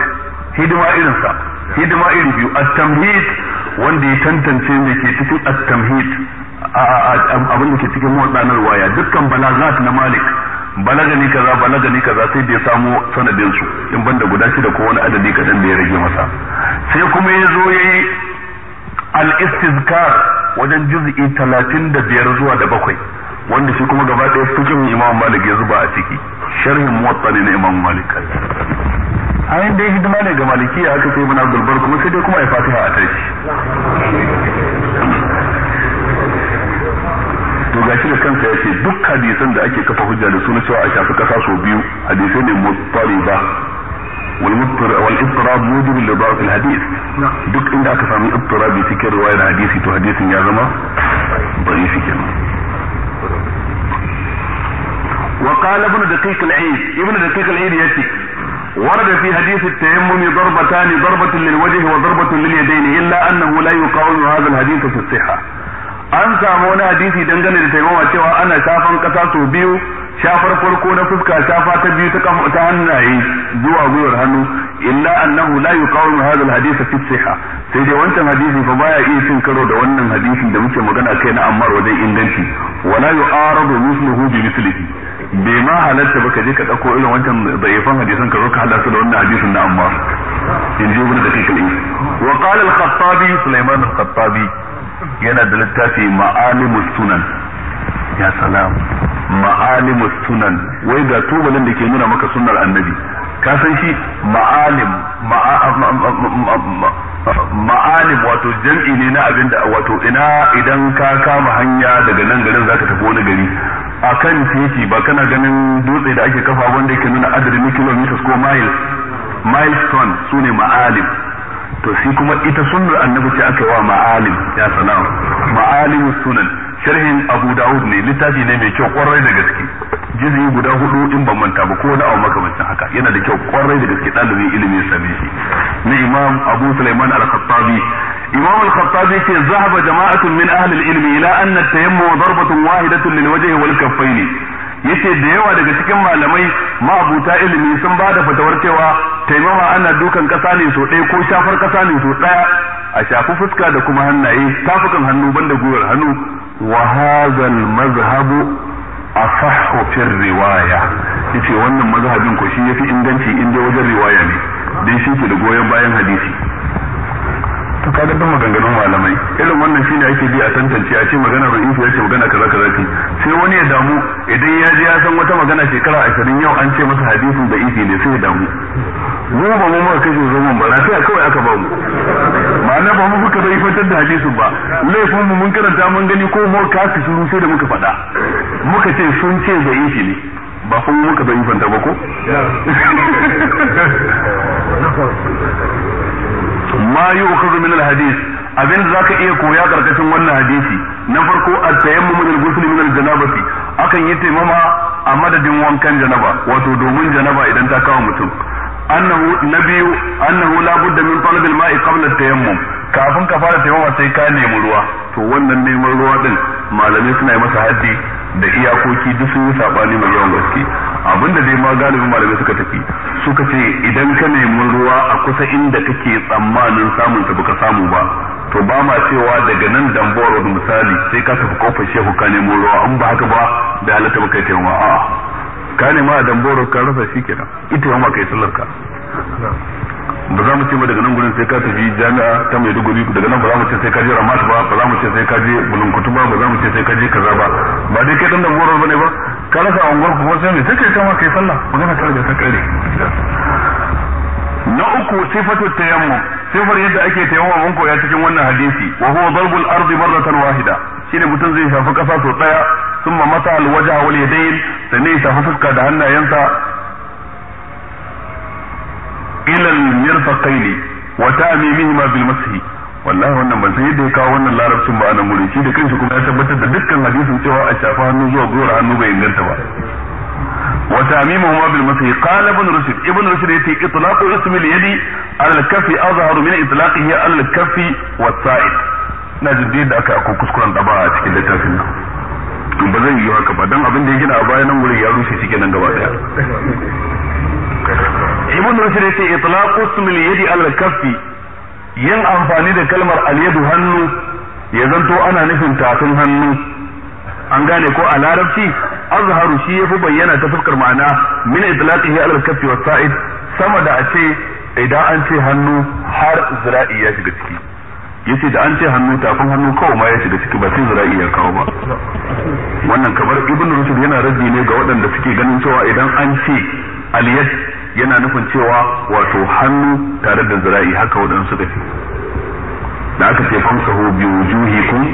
hidima irin sa hidima irin biyu at-tamhid wanda ya tantance me ke cikin at-tamhid abin da ke cikin motsa waya dukkan balazat na malik balagani kaza balagani kaza sai bai samu samo sanadin su in banda guda shida ko wani adadi kadan da ya rage masa sai kuma ya zo yayi al-istizkar wajen juz'i 35 zuwa da bakwai wanda shi kuma gaba ɗaya fikin imam malik ya zuba a ciki sharhin muwattani ne na imam malik ayin dai hidima ne ga maliki aka sai mana gulbar kuma sai dai kuma ya fatiha a tashi to gashi da kansa ya duk hadisan da ake kafa hujja da su na cewa a shafi kasa so biyu hadisai ne mutariba wal wal mutar ittirab li da'f al الحديث duk inda aka sami اضطراب cikin riwayar hadisi to hadisin ya zama ضعيف kenan وقال ابن دقيق العيد ابن دقيق العيد يأتي ورد في حديث التيمم ضربتان ضربة للوجه وضربة لليدين إلا أنه لا يقاوم هذا الحديث في الصحة an samu wani hadisi dangane da taimawa cewa ana shafan kasa sau biyu shafar farko na fuska shafa ta biyu ta kafa ta hannaye zuwa gwiwar hannu illa annahu la yuqawmu hadha alhadith fi sihha sai dai wancan hadisi fa baya iya cin karo da wannan hadisi da muke magana kai na ammar wajen inganci wala yu'aradu mithluhu bi mithlihi bai ma halatta baka je ka dauko irin wancan da'ifan hadisan ka zo ka hada su da wannan hadisin na ammar in ji ibn dakiq al-is wa qala al-khattabi sulaiman al-khattabi yana da littafi ma'alimus sunan ya salam ma'alimus sunan wai ga tubalin da ke nuna maka sunnar annabi ka san shi ma'alim ma'alim wato jam'i ne na abinda wato ina idan ka kama hanya daga nan garin zaka tafi wani gari a kan titi ba kana ganin dutse da ake kafa wanda yake nuna adadin kilometers ko miles milestone su ne ma'alim to shi kuma ita sunnar annabi ce aka wa ma'alim ya salam ma'alim sunan sharhin abu dawud ne littafi ne mai kyau kwarai da gaske jizi guda hudu in ban manta ba ko wani abu makamancin haka yana da kyau kwarai da gaske dalibin ilimi ya same shi na imam abu sulaiman al-khattabi imam al-khattabi ce zahaba jama'atun min ahli al-ilmi ila anna at-tayammum darbatun wahidatun lil wajhi wal kaffayn yace da yawa daga cikin malamai ma'abuta ilimi sun ba da fatawar cewa taimama ana dukan kasa ne so ɗaya ko shafar kasa ne so ɗaya a shafi fuska da kuma hannaye tafukan hannu banda gwiwar hannu wa hazal mazhabu a fahofin riwaya yace wannan mazhabin ko shi yafi inganci inda wajen riwaya ne dan shi ke da goyon bayan hadisi to kaga dan maganganun malamai irin wannan shine ake bi a tantance a ce magana ba in ce magana kaza kaza ce sai wani ya damu idan ya ji ya san wata magana shekara ashirin yau an ce masa hadisin da ifi ne sai ya damu mu ba mu muka kashe zaman ba lafiya kawai aka ba mu ma'ana ba mu muka bai fatar da hadisin ba laifin mu mun karanta mun gani ko mu su shiru sai da muka faɗa muka ce sun ce da ifi ne ba kuma muka da fanta ba ko ma yu'khadhu min alhadis hadith abin da zaka iya koya karkashin wannan hadisi na farko at-tayammum min al min al-janabati akan yi taimama a madadin wankan janaba wato domin janaba idan ta kawo mutum annahu nabiyu annahu la budda min talab al qabla at-tayammum kafin ka fara taimama sai ka nemi ruwa to wannan neman ruwa din malamai suna yi masa haddi da iyakoki duk sun yi sabani mai yawan gaske abinda dai ma galibin malamai suka tafi suka ce idan ka nemi ruwa a kusa inda kake tsammanin samun ta baka samu ba to ba ma cewa daga nan wani misali sai ka tafi kofar shehu ka nemo ruwa an ba haka ba da halatta baka yi ma a'a ka nema a dambuwar ka rasa shi kenan ita ma yi sallar ka ba za mu ce ba daga nan gurin sai ka tafi jami'a ta mai Maiduguri daga nan ba za mu ce sai ka je Ramat ba ba za mu ce sai ka je Bulunkutu ba ba za mu ce sai ka je kaza ba ba dai kai dan dan gorar bane ba ka rasa angon ku sai ne take ma kai sallah magana ta riga ta kare na uku sifatu tayammum sifar yadda ake tayammu mun koya cikin wannan hadisi wa huwa dalbul ardi marratan wahida shine mutum zai shafi kasa sau daya thumma mata alwaja wal yadayn sai ne shafi fuska da hannayensa ila al-mirfaqaini wa ta'mimihima bil mashi wallahi wannan ban san yadda ya kawo wannan larabcin ba anan gurin shi da kanshi kuma ya tabbatar da dukkan hadisin cewa a shafa hannu zuwa gwiwar hannu bai inganta ba wa ta'mimuhuma bil mashi qala ibn rushd ibn rushd yace itlaqu ismi al yadi ala al kafi azharu min itlaqihi ala al kafi wa sa'id na jin da aka ko kuskuren daba a cikin littafin nan ba zan yi haka ba dan abin da ya gina a bayan nan gurin ya rushe cikin nan gaba daya ibn rushd yace itlaqu ismil yadi al kaffi yin amfani da kalmar al yadu hannu ya zanto ana nufin tafin hannu an gane ko a larabci azharu shi yafi bayyana ta fuskar ma'ana min itlaqihi al kaffi wa sa'id sama da a ce idan an ce hannu har zira'i ya shiga ciki yace da an ce hannu tafin hannu kawai ma ya shiga ciki ba sai zira'i ya kawo ba wannan kamar ibn rushd yana raddi ne ga waɗanda suke ganin cewa idan an ce aliyat yana nufin cewa wato hannu tare da zira'i haka waɗansu suka ce da aka ce famsahu bi wujuhikum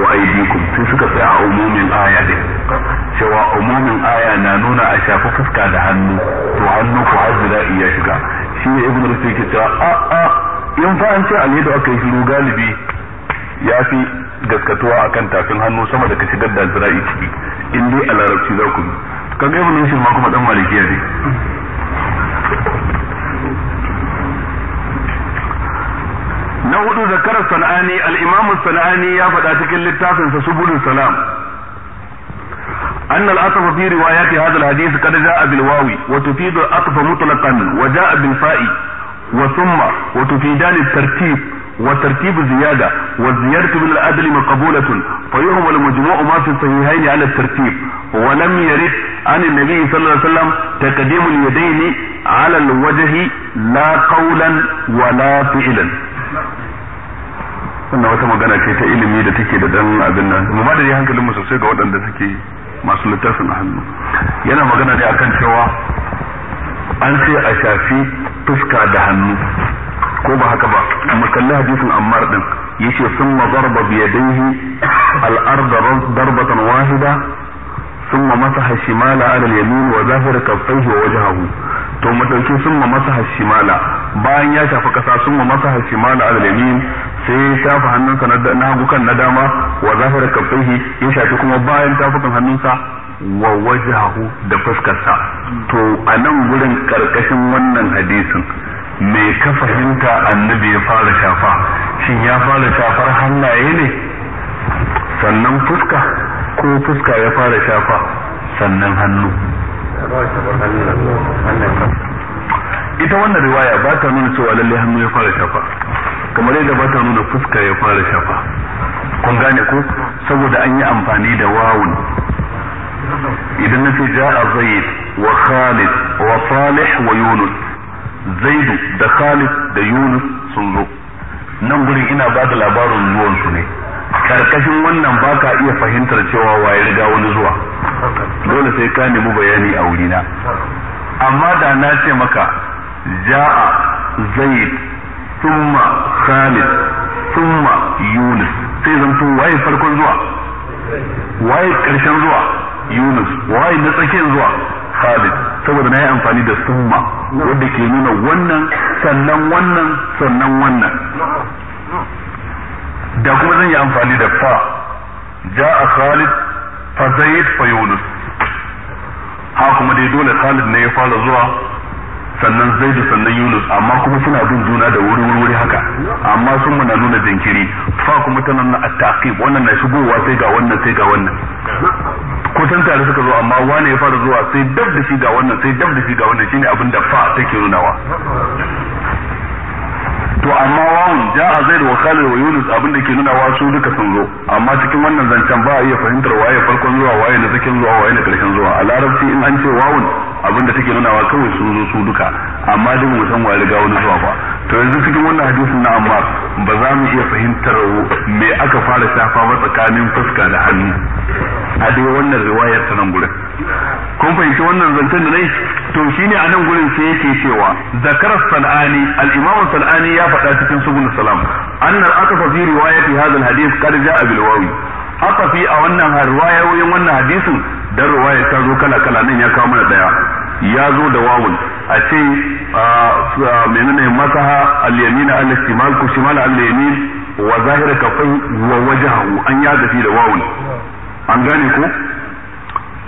wa aydikum sai suka tsaya a umumin aya din cewa umumin aya na nuna a shafi fuska da hannu to hannu ko har zira'i ya shiga shi ne ibnu rufi ke cewa a a in fa an ce da aka yi shiru galibi ya fi gaskatuwa akan tafin hannu sama da ka shigar da zira'i ciki in dai a larabci za ku bi kaga ibnu rufi ma kuma dan malikiya ne na hudu zakarar sana'ani al sana'ani ya faɗa cikin littafinsa subulus salam أن العطف في روايات هذا الحديث قد جاء بالواو وتفيد العطف مطلقا وجاء بالفاء وثم وتفيدان الترتيب وترتيب زيادة والزيادة من بالعدل مقبولة فيهم المجموع ما في الصحيحين على الترتيب ولم يرد عن النبي صلى الله عليه وسلم تقديم اليدين على الوجه لا قولا ولا فعلا wannan wata magana ce ta ilimi da take da dan abin nan mu ba da hankalin mu sosai ga waɗanda suke masu littafin a hannu yana magana ne akan cewa an ce a shafi fuska da hannu ko ba haka ba mu kalli hadisin ammar din yace sun darba biyadaihi al-ardh darbatan wahida ثم مسح الشمال على اليمين وظاهر كفيه ووجهه to mu sun ma masa hashimala bayan ya shafa kasa ma masa hashimala a yamin sai ya shafa hannunsa na hagu kan na dama wa zahir kaffaihi ya shafi kuma bayan tafukan hannunsa wa waje hahu da fuskarsa to a nan gudun karkashin wannan hadisin me ka fahimta annabi ya fara shafa shin ya fara shafar hannaye ne sannan fuska ko fuska ya fara shafa sannan hannu ita wannan riwaya ba ta nuna cewa lalle hannu ya fara shafa kamar yadda ba ta nuna fuska ya fara shafa kun gane ko saboda an yi amfani da wawun idan na ce ja a zaid wa khalid wa salih wa yunus zaidu da khalid da yunus sun zo nan gurin ina ba da labarin zuwansu ne karkashin wannan baka iya fahimtar cewa waye riga wani zuwa dole sai ka nemi bayani a wurina amma da na ce maka ja'a zaid thumma khalid thumma yunus sai zan zanto waye farkon zuwa waye karshen zuwa yunus waye na tsakiyar zuwa khalid saboda na yi amfani da summa wanda ke nuna wannan sannan wannan sannan wannan da kuma zan yi amfani da fa ja a Khalid fa Zaid fa Yunus ha kuma dai dole Khalid ne ya fara zuwa sannan Zaid sannan Yunus amma kuma suna bin juna da wuri wuri haka amma sun muna nuna jinkiri fa kuma tana nuna a taqib wannan na shigowa sai ga wannan sai ga wannan kusan tare suka zo amma wane ya fara zuwa sai dab da shi ga wannan sai dab da shi ga wannan shine abin da fa take nunawa to amma wawan a zai da khalid wa yunus abin da ke nuna wa su duka sun zo amma cikin wannan zancen ba a iya fahimtar waye farkon zuwa waye na cikin zuwa waye na karshen zuwa a larabci in an ce wawun abin da take nuna wa kawai sun zo su duka amma duk mu san wa riga wani zuwa ba to yanzu cikin wannan hadisin na amma ba za mu iya fahimtar me aka fara shafa ba tsakanin fuska da hannu a dai wannan riwayar ta nan gurin kun fahimci wannan zancen da nai to shine a nan gurin sai yake cewa zakar sanani al-imam sanani ya faɗa cikin subul salam annal aqfa fi riwayati hadha alhadith qad jaa bil wawi fi a wannan riwayoyin wannan hadisin dan riwaya ta zo kala kala nan ya kawo mana daya ya zo da wawun a ce menene masaha al-yamina al-istimal ku shimal al-yamin wa zahira kafai wa wajhahu an ya gafi da wawun an gane ko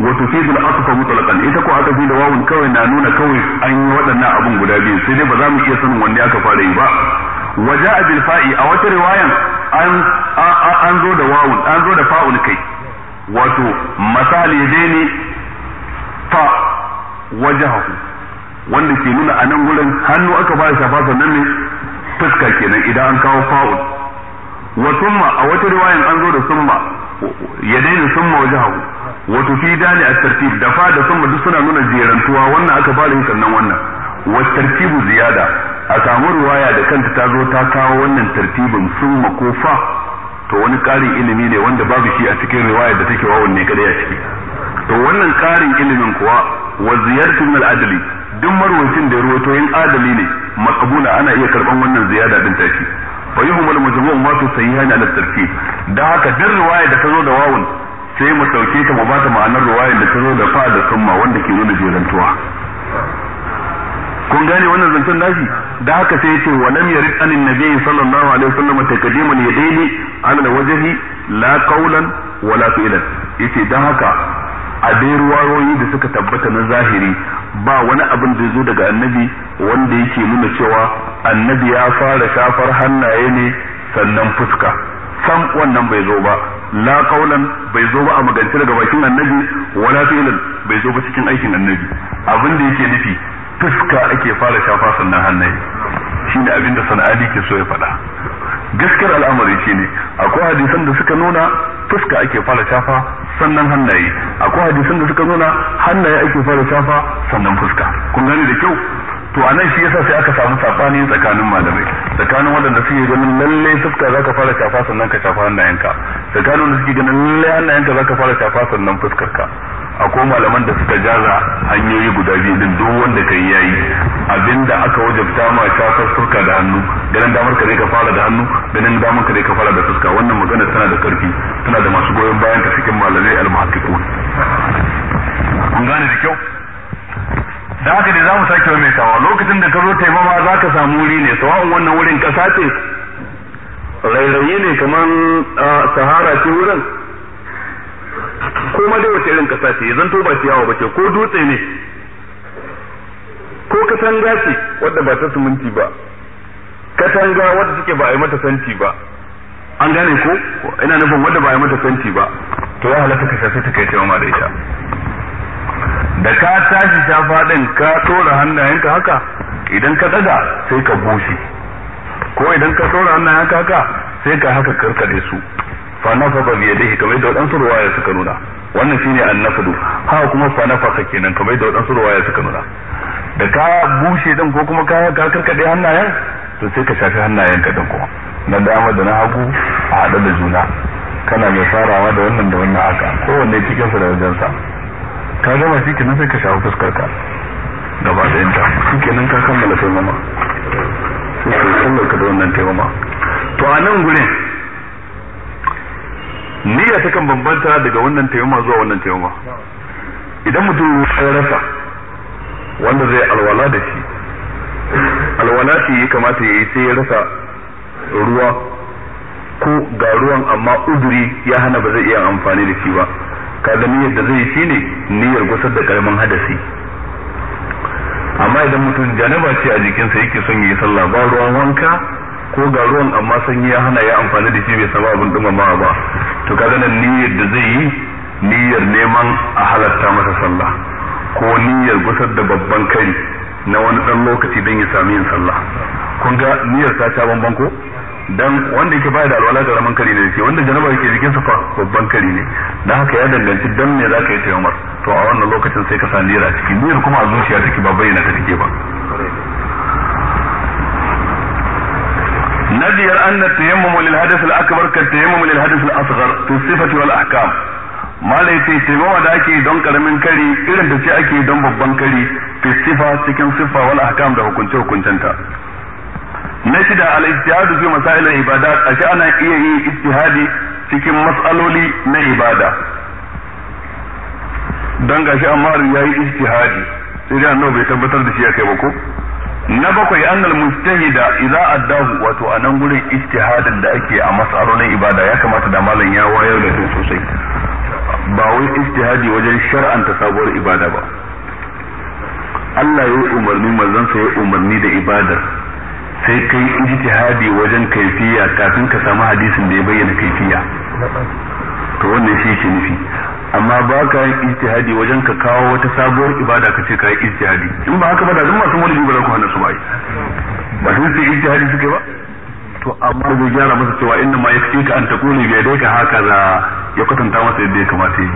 wa tufidu al-asfa mutlaqan ita ko aka fi da wawun kawai na nuna kawai an yi waɗannan abun guda biyu sai dai ba za mu iya sanin wanne aka fara yi ba waja bil fa'i a wata riwayan an an zo da wawun an zo da fa'ul kai wato dai ne fa wajahu wanda ke nuna a nan gurin hannu aka fara shafa sannan ne fuska kenan idan an kawo fa'ul wa summa a wata riwayan an zo da summa yadaini summa wajahu wato fi dali a tartib da fa da sun duk suna nuna jerantuwa wannan aka fara yin sannan wannan wa tartibu ziyada a samu ruwaya da kanta ta zo ta kawo wannan tartibin sun ko fa to wani ƙarin ilimi ne wanda babu shi a cikin riwaya da take wawanne kadai a ciki to wannan ƙarin ilimin kuwa wa ziyartu min adli duk marwacin da ya ruwato yin adali ne makabula ana iya karban wannan ziyada din tashi fa yuhumul majmu'u ma tusayyihan ala tartib da haka duk riwaya da ta zo da wawan. sai mu ɗauke ta mu bata ma'anar ruwayar da ta zo da fa da summa wanda ke nuna jerantuwa kun gane wannan zancen nashi da haka sai ce wa lam yarid anin nabiyyi sallallahu alaihi wasallam taqdiman yadaini ala wajhi la qawlan wala fi'lan yace dan haka a dai ruwayoyi da suka tabbata na zahiri ba wani abin da zo daga annabi wanda yake nuna cewa annabi ya fara shafar hannaye ne sannan fuska sam wannan bai zo ba la qawlan bai zo ba a magance daga bakin annabi wala fi'lan bai zo ba cikin aikin annabi abin da yake nufi fuska ake fara shafa sannan hannaye shine abin da sana'ali ke so ya faɗa gaskiyar al'amari shine akwai hadisan da suka nuna fuska ake fara shafa sannan hannaye akwai hadisan da suka nuna hannaye ake fara shafa sannan fuska kun gane da kyau to anan shi yasa sai aka samu sabani tsakanin malamai tsakanin waɗanda suke ganin lalle fuska zaka fara shafa sannan ka shafa hannayenka tsakanin da suke ganin lallai yanka zaka fara shafa sannan fuskar ka akwai malaman da suka jaza hanyoyi guda biyu din duk wanda kai yayi abinda aka wajabta ma shafar fuska da hannu ganin damar ka ka fara da hannu ganin damar ka ka fara da fuska wannan magana tana da karfi tana da masu goyon bayan ta cikin malamai almuhaqqiqun kun gane da kyau da haka dai za mu sake mai tawa lokacin da ka zo taimama za ka samu wuri ne sawa'un wannan wurin ƙasa ce rairayi ne a sahara ce wurin ko ma dai wace irin kasa ce zan to ba ciyawa ba ce ko dutse ne ko katanga ce wadda ba ta suminti ba katanga wadda take ba a yi mata santi ba an gane ko ina nufin wadda ba a yi mata santi ba to ya halatta ka sai ta kai ta ma da ita da ka tashi shafa ɗin ka tsora hannayenka haka idan ka daga sai ka bushe ko idan ka saura wannan haka haka sai ka haka karkade su fa nafada bi yadihi kamar da wadansu ruwaya suka nuna wannan shine annafadu ha kuma fa nafaka kenan kamar da wadansu ruwaya suka nuna da ka bushe din ko kuma ka ka karkade hannayen to sai ka shafi hannayen ka din kuma na dama da na hagu a hada da juna kana mai farawa da wannan da wannan haka kowanne cikin su da wajensa ka gama shi kenan sai ka shafi fuskar ka gaba da yanta shi kenan ka kammala sai mama sai sai sallar ka da wannan taimama to a nan gurin niyya ta kan bambanta daga wannan taimama zuwa wannan taimama idan mutum ya rasa wanda zai alwala da shi alwala ce ya kamata ya yi sai ya rasa ruwa ko ga ruwan amma uduri ya hana ba zai iya amfani da shi ba kaga niyyar da zai shi ne niyyar gusar da karamin hadasi amma idan mutum janaba ce a jikinsa yake son yi sallah ba ruwan wanka ko ga ruwan amma sanyi ya hana ya amfani da shi bai samu abin ɗumama ba to kaga nan niyyar da zai yi niyyar neman a halatta masa sallah ko niyyar gusar da babban kari na wani dan lokaci don ya sami yin sallah kun ga niyyar ta ta bamban ko dan wanda yake baya da alwala da ramin kari ne shi wanda janaba yake jikinsa fa babban kari ne dan haka ya danganci dan me zaka yi tayammar to a wannan lokacin sai ka sa niyar a ciki niyar kuma a zuciya take ba bayyana ta take ba na biyar anna tayammumu lil hadath al akbar ka tayammum lil hadath al asghar to sifati wal ahkam malai sai da ake don karamin kari irin da ce ake don babban kari to sifa cikin sifa wal ahkam da hukunce hukuncenta na shida al ijtihadu fi masail al ibadat ashe ana iya yin ijtihadi cikin mas'aloli na ibada dan gashi Ammar yayi ijtihadi sai dai annabi bai tabbatar da shi akai ba ko na bakwai annal mujtahida idza addahu wato anan gurin ijtihadin da ake a mas'alolin ibada ya kamata da malam ya wayar da kai sosai ba wai ijtihadi wajen shar'anta sabuwar ibada ba Allah ya umarni manzon sa ya umarni da ibada sai kai ijtihadi wajen kaifiya kafin ka samu hadisin da ya bayyana kaifiya to wannan shi ke nufi amma ba ka yin ijtihadi wajen ka kawo wata sabuwar ibada ka ce ka yi ijtihadi in ba haka ba da masu maulidi ba za ku hana su ba yi ba su ce ijtihadi suke ba to amma zai gyara masa cewa inna ma yake ka an dai ka haka za ya kwatanta masa yadda ya kamata yi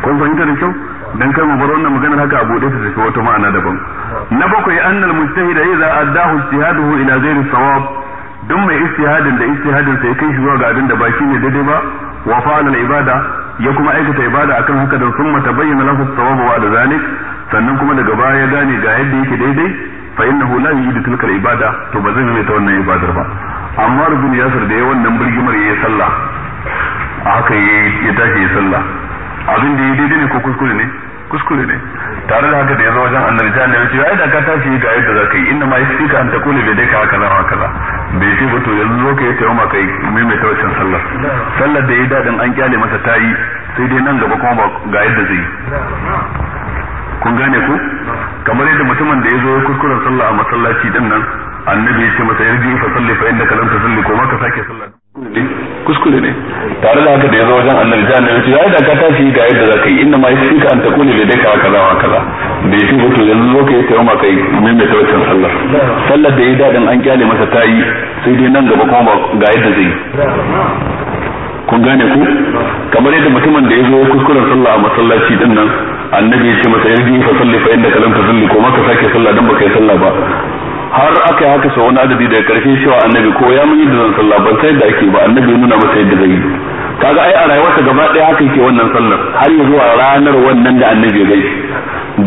kun san da kyau dan kai mu bar wannan maganar haka abu da take wata ma'ana daban na bakwai annal mujtahida idza addahu ijtihaduhu ila ghairi sawab duk mai ijtihadin da ijtihadin sai ya kai shi zuwa ga abin da ba ne daidai ba wa fa'ala al-ibada ya kuma aikata ibada akan haka dan sun mata lahu as-sawabu wa da zalik sannan kuma daga baya ya gane ga yadda yake daidai fa innahu la yujidu tilka al-ibada to ba zai mai ta wannan ibadar ba amma rubun yasir da ya wannan birgimar yayi sallah a haka ya tashi ya sallah abin da ya daidai ne ko kuskure ne kuskure ne tare da haka da ya zo wajen annabi sai annabi ce ai da ka tashi ga yadda za ka yi inna ma yafi ka an ta kula bai dai ka haka ma kaza bai ce ba to yanzu zo ka yi ma kai mai mai tawacin sallar sallar da ya yi dadin an kyale masa ta yi sai dai nan gaba kuma ba ga yadda zai yi kun gane ku kamar yadda mutumin da ya zo ya kuskuren sallah a masallaci din nan annabi ya ce masa yarji fa salli fa innaka lam salli ko ma ka sake sallah kuskure ne tare da haka da ya zo wajen annabi sai annabi ai da ka tashi ga yadda za ka yi inna ma yafi ka an ta kule da ka kaza wa kaza bai fi wato yanzu zo ka yi tayyama kai mun mai tawaccin sallar sallar da ya dadin an kyale masa ta yi sai dai nan gaba kuma ga yadda zai yi kun gane ku kamar yadda mutumin da ya zo kuskuren sallah a masallaci din nan annabi ya ce masa yarji fa salli fa innaka ta zulli ko maka sake sallah dan baka yi sallah ba har aka yi haka sau wani adadi daga karshe cewa annabi ko ya mun da zan sallah ban sai da ake ba annabi nuna masa yadda zai yi kaga ai a rayuwarsa gaba ɗaya haka yake wannan sallar har ya zuwa ranar wannan da annabi ya gaishe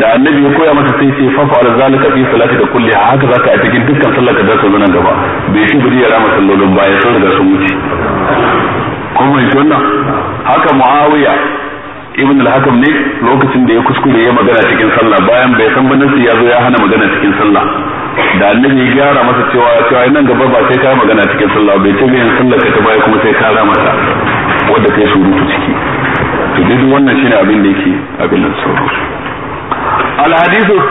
da annabi ya koya masa sai ce fa da zalika fi salati da kulli haka zaka a cikin dukkan sallar ka zaka zuna gaba bai shi bari ya rama sallolin baya sun riga su wuce kuma mai wannan haka muawiya ibn al-hakam ne lokacin da ya kuskure ya magana cikin sallah bayan bai san ba ya zo ya hana magana cikin sallah da annabi ya gyara masa cewa cewa nan gaba ba sai ka magana cikin sallah bai ce yin sallah ka baya kuma sai ka rama ta wanda kai surutu ciki to duk wannan shine abin da yake abin nan sauro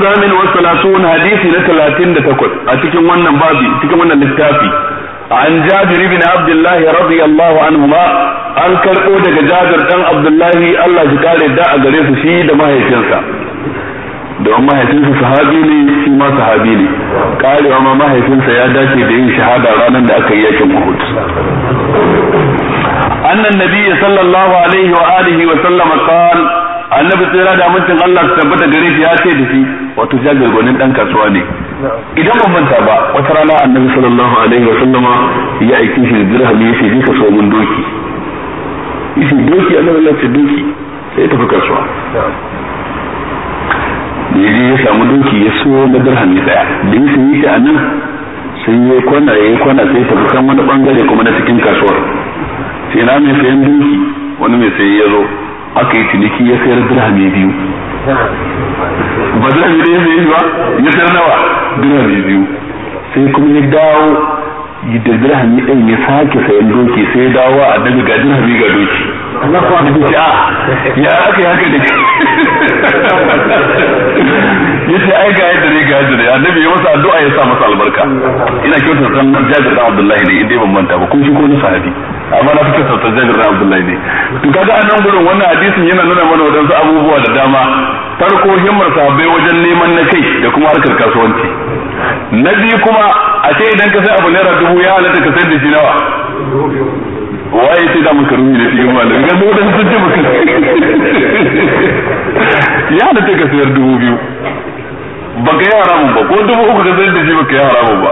thamin wa salatun hadithi لثلاثين 38 a cikin wannan أتكن cikin wannan littafi an jabir ibn الله radiyallahu anhu ma an karɓo daga jabir ɗan abdullahi allah ya kare da a gare su shi da mahaifinsa domin mahaifinsa sahabi ne shi ma sahabi ne karewa ma mahaifinsa ya dace da yin shahada ranar da aka yi yakin Uhud annan nabiyyi sallallahu alaihi wa alihi wa sallama kan annabi tsira da mutum Allah su tabbata gare shi ya ce da shi wato jabir gonin dan kasuwa ne idan ban manta ba wata rana annabi sallallahu alaihi wa sallama ya aiki shi da dirhami ya ce je ka so mun doki shi doki annabi ya ce doki sai tafi kasuwa da ya ya samu doki ya so na darhami daya da ya sayi ta a nan sai ya kwana ya kwana sai ta kan wani bangare kuma na cikin kasuwar sai na mai sayan doki wani mai sayi ya zo aka yi ciniki ya sayar darhami biyu ba dirhami ɗaya sayi ba ya sayar nawa darhami biyu sai kuma ya dawo da darhami ɗin ya sake sayan doki sai dawo a daga ga darhami ga doki ya aka yi haka da yace ai ga yadda ne ga yadda ne annabi ya masa addu'a ya sa masa albarka ina kyautar san Jabir da Abdullahi ne inda ban manta ba kun shi ko ni sahabi amma na fitar sautar Jabir da Abdullahi ne to kaga anan gurin wannan hadisin yana nuna mana wadansu abubuwa da dama farko himmar sahabbai wajen neman na kai da kuma harkar kasuwanci na biyu kuma a ce idan ka sai abu naira dubu ya halatta ka sai da shi nawa waye sai da makaruhi ne cikin malami ga dole sun ce makaruhi ya da take sayar dubu biyu baka yi haramun ba ko dubu uku ka sayar da shi baka yi haramun ba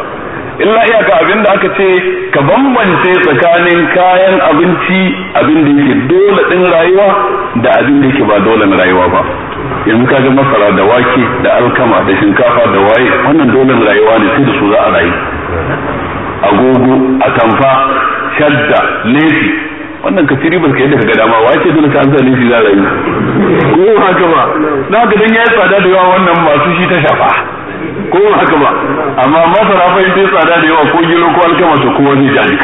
illa iyaka abin da aka ce ka bambance tsakanin kayan abinci abin da yake dole din rayuwa da abin da yake ba dole na rayuwa ba yanzu ka ga masara da wake da alkama da shinkafa da waye wannan dole rayuwa ne sai da su za a rayu agogo atamfa shadda lefi wannan ka ciri baka yadda ka ga dama wace dole ka an sa za a rayu ko haka ba na ga dan yayi tsada da yawa wannan masu shi ta shafa ko haka ba amma masara fa in tsada da yawa ko gero ko alkama to kuma zai ji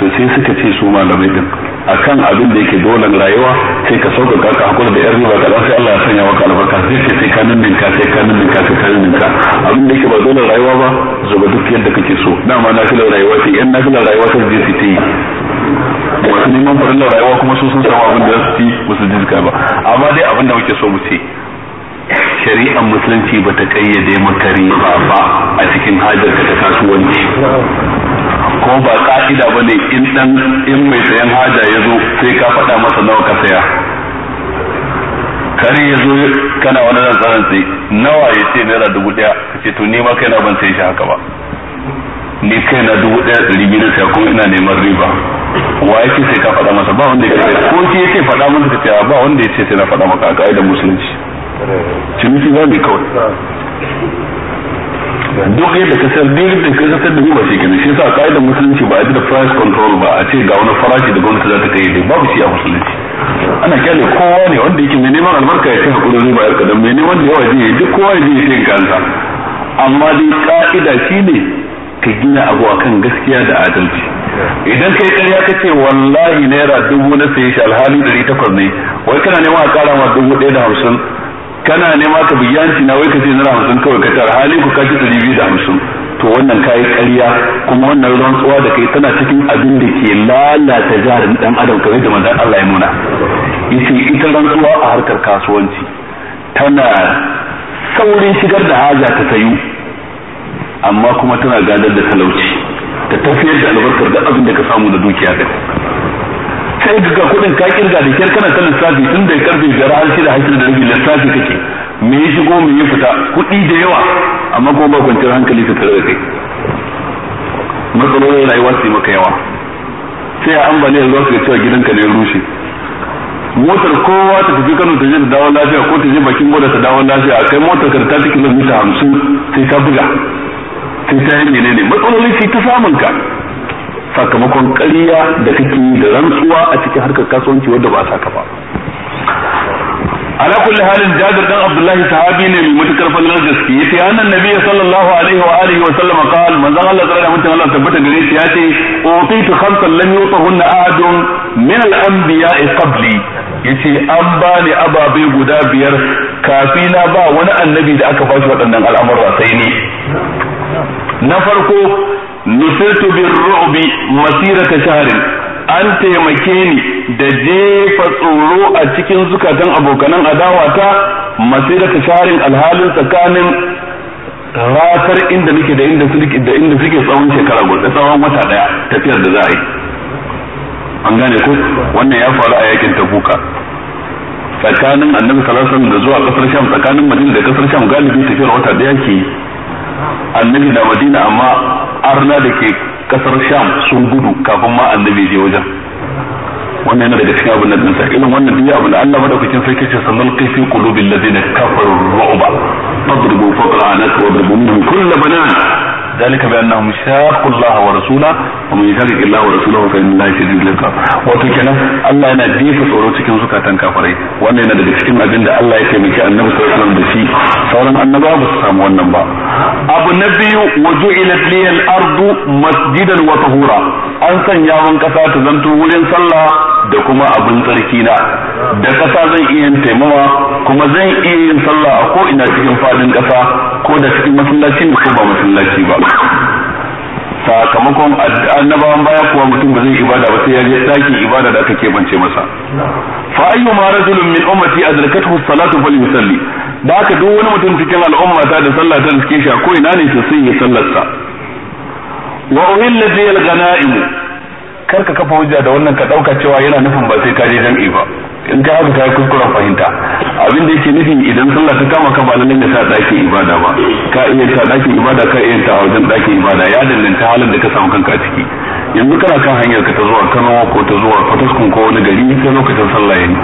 to sai suka ce su malamai din akan abin da yake dolan rayuwa sai ka sauƙaƙa ka hakura da yar riba kaza sai Allah ya sanya maka albarka sai ka sai ka ka sai ka ka sai ka ka abin da yake ba dolan rayuwa ba zuba duk yadda kake so dama nafilar rayuwa ce yan nafilar rayuwa ta je su ta yi wasu neman farin rayuwa kuma su sun samu abin da su ci ba su jizga ba amma dai abin da muke so mu ce shari'ar musulunci ba ta kayyade maka riba ba a cikin hajar ta kasuwanci ko ba ka'ida ba ne in dan in mai sayan haja ya zo sai ka faɗa masa nawa ka saya kare ya zo kana wani ran sai nawa ya ce naira dubu ɗaya ka ce to ni ma kaina ban sai shi haka ba ni kaina dubu ɗaya da ɗari biyu saya kuma ina neman riba wa ya ce sai ka faɗa masa ba wanda ya ce ko ke ya ce faɗa masa ka ce ba wanda ya ce sai na faɗa maka a ka'idar musulunci ciniki za mu kawai duk yadda ka sayar duk yadda ka sayar da ba shi kenan shi yasa ka'idar musulunci ba a da price control ba a ce ga wani farashi da gwamnati za ta kai dai babu shi a musulunci ana kyale kowa ne wanda yake mai neman albarka ya ce hakuri riba yar kadan mai neman da yawa je duk kowa ya je ya kansa amma dai ka'ida ne ka gina abu akan gaskiya da adalci idan kai karya ka ce wallahi naira dubu na sayi shi alhali ɗari takwas ne wai kana neman a kara ma dubu ɗaya da hamsin kana nema ka bugi yanci na wai ka ce naira hamsin kawai ka tara hali ku kashi ɗari biyu da hamsin to wannan kayi ƙarya kuma wannan rantsuwa da kai tana cikin abin da ke lalata jarin dan adam kamar da manzon Allah ya nuna yace ita rantsuwa a harkar kasuwanci tana saurin shigar da haja ta sayu amma kuma tana gadar da talauci ta tafiyar da albarkar da abin da ka samu da dukiya ɗin sai daga ga kuɗin ka kirga da kyar kana ta lissafi tun da karfe biyar har shida har da rabi lissafi kake me ya shigo me ya fita kuɗi da yawa amma kuma ba kwanciyar hankali ta tare da kai matsalolin rayuwa su yi maka yawa sai a ambaliyar ruwa su ga cewa gidanka ne rushe motar kowa ta tafi kano ta je ta dawon lafiya ko ta je bakin gwada ta dawon lafiya a kai motar ka ta cikin kilomita hamsin sai ta buga sai ta yi menene matsaloli sai ta samun ka sakamakon ƙarya da kake yi da rantsuwa a cikin harkar kasuwanci wadda ba saka ba ala kulli halin jabir dan abdullahi sahabi ne mai matukar fallar gaske yace annan nabiyyi sallallahu alaihi wa alihi wa sallam qala manzon Allah tsara da mutum Allah tabbata gare shi yace utitu khamsan lam yutahunna ahadun min al-anbiya'i qabli yace an bani ababe guda biyar kafina ba wani annabi da aka bashi waɗannan al'amura sai ni na farko nusirtu birru'bi masirata shahrin an taimake ni da jefa tsoro a cikin zukatan abokanan ta masirata shahrin alhalin tsakanin ratar inda nake da inda suke da inda suke tsawon shekara guda tsawon wata daya tafiyar da za a yi an gane ko wannan ya faru a yakin tabuka tsakanin annabi sallallahu alaihi wasallam da zuwa kasar sham tsakanin madina da kasar sham galibi tafiyar wata daya ke annabi na madina amma arna da ke kasar sham sun gudu kafin ma annabi je wajen wannan yana daga cikin abin da dinsa irin wannan duniya abin da Allah madaukakin sarki ce sanan kai fi qulubil ladina kafaru ru'ba fadribu fawqa anaq wa dribu minhum kull banan ذلك بانهم شاقوا الله ورسوله ومن يشاقق الله ورسوله فان الله شديد العقاب wato kenan Allah yana jefa tsoro cikin zukatan kafirai wannan yana daga cikin abin da Allah ya taimaki annabi sallallahu alaihi wasallam da shi sauran annabawa ba su samu wannan ba abu na biyu waju'ilat liyal ardu masjidan wa tahura an sanya mun kasa ta zanto wurin sallah da kuma abin tsarki na da ƙasa zan iya yin taimawa kuma zan iya yin sallah a ko ina cikin fadin ƙasa ko da cikin masallaci ko ba masallaci ba sakamakon annabawan baya kuwa mutum ba zai ibada ba sai ya je ɗakin ibada da aka kebance masa fa ayyu ma rajulun min ummati adrakathu salatu fal yusalli da haka duk wani mutum cikin al'umma ta da sallah ta riske shi a ko ina ne sai ya sallarsa wa uhillat al ghanaim kar ka kafa hujja da wannan ka dauka cewa yana nufin ba sai ka je jam'i ba in ka haka kai kuskuren fahimta abin da yake nufi idan sallah ta kama ka ba nan ne sa dakin ibada ba ka iya ta dakin ibada ka iya ta wajen dakin ibada ya danganta halin da ka samu kanka ciki yanzu kana kan hanyar ka ta zuwa Kano ko ta zuwa Fataskun ko wani gari ta lokacin sallah yayi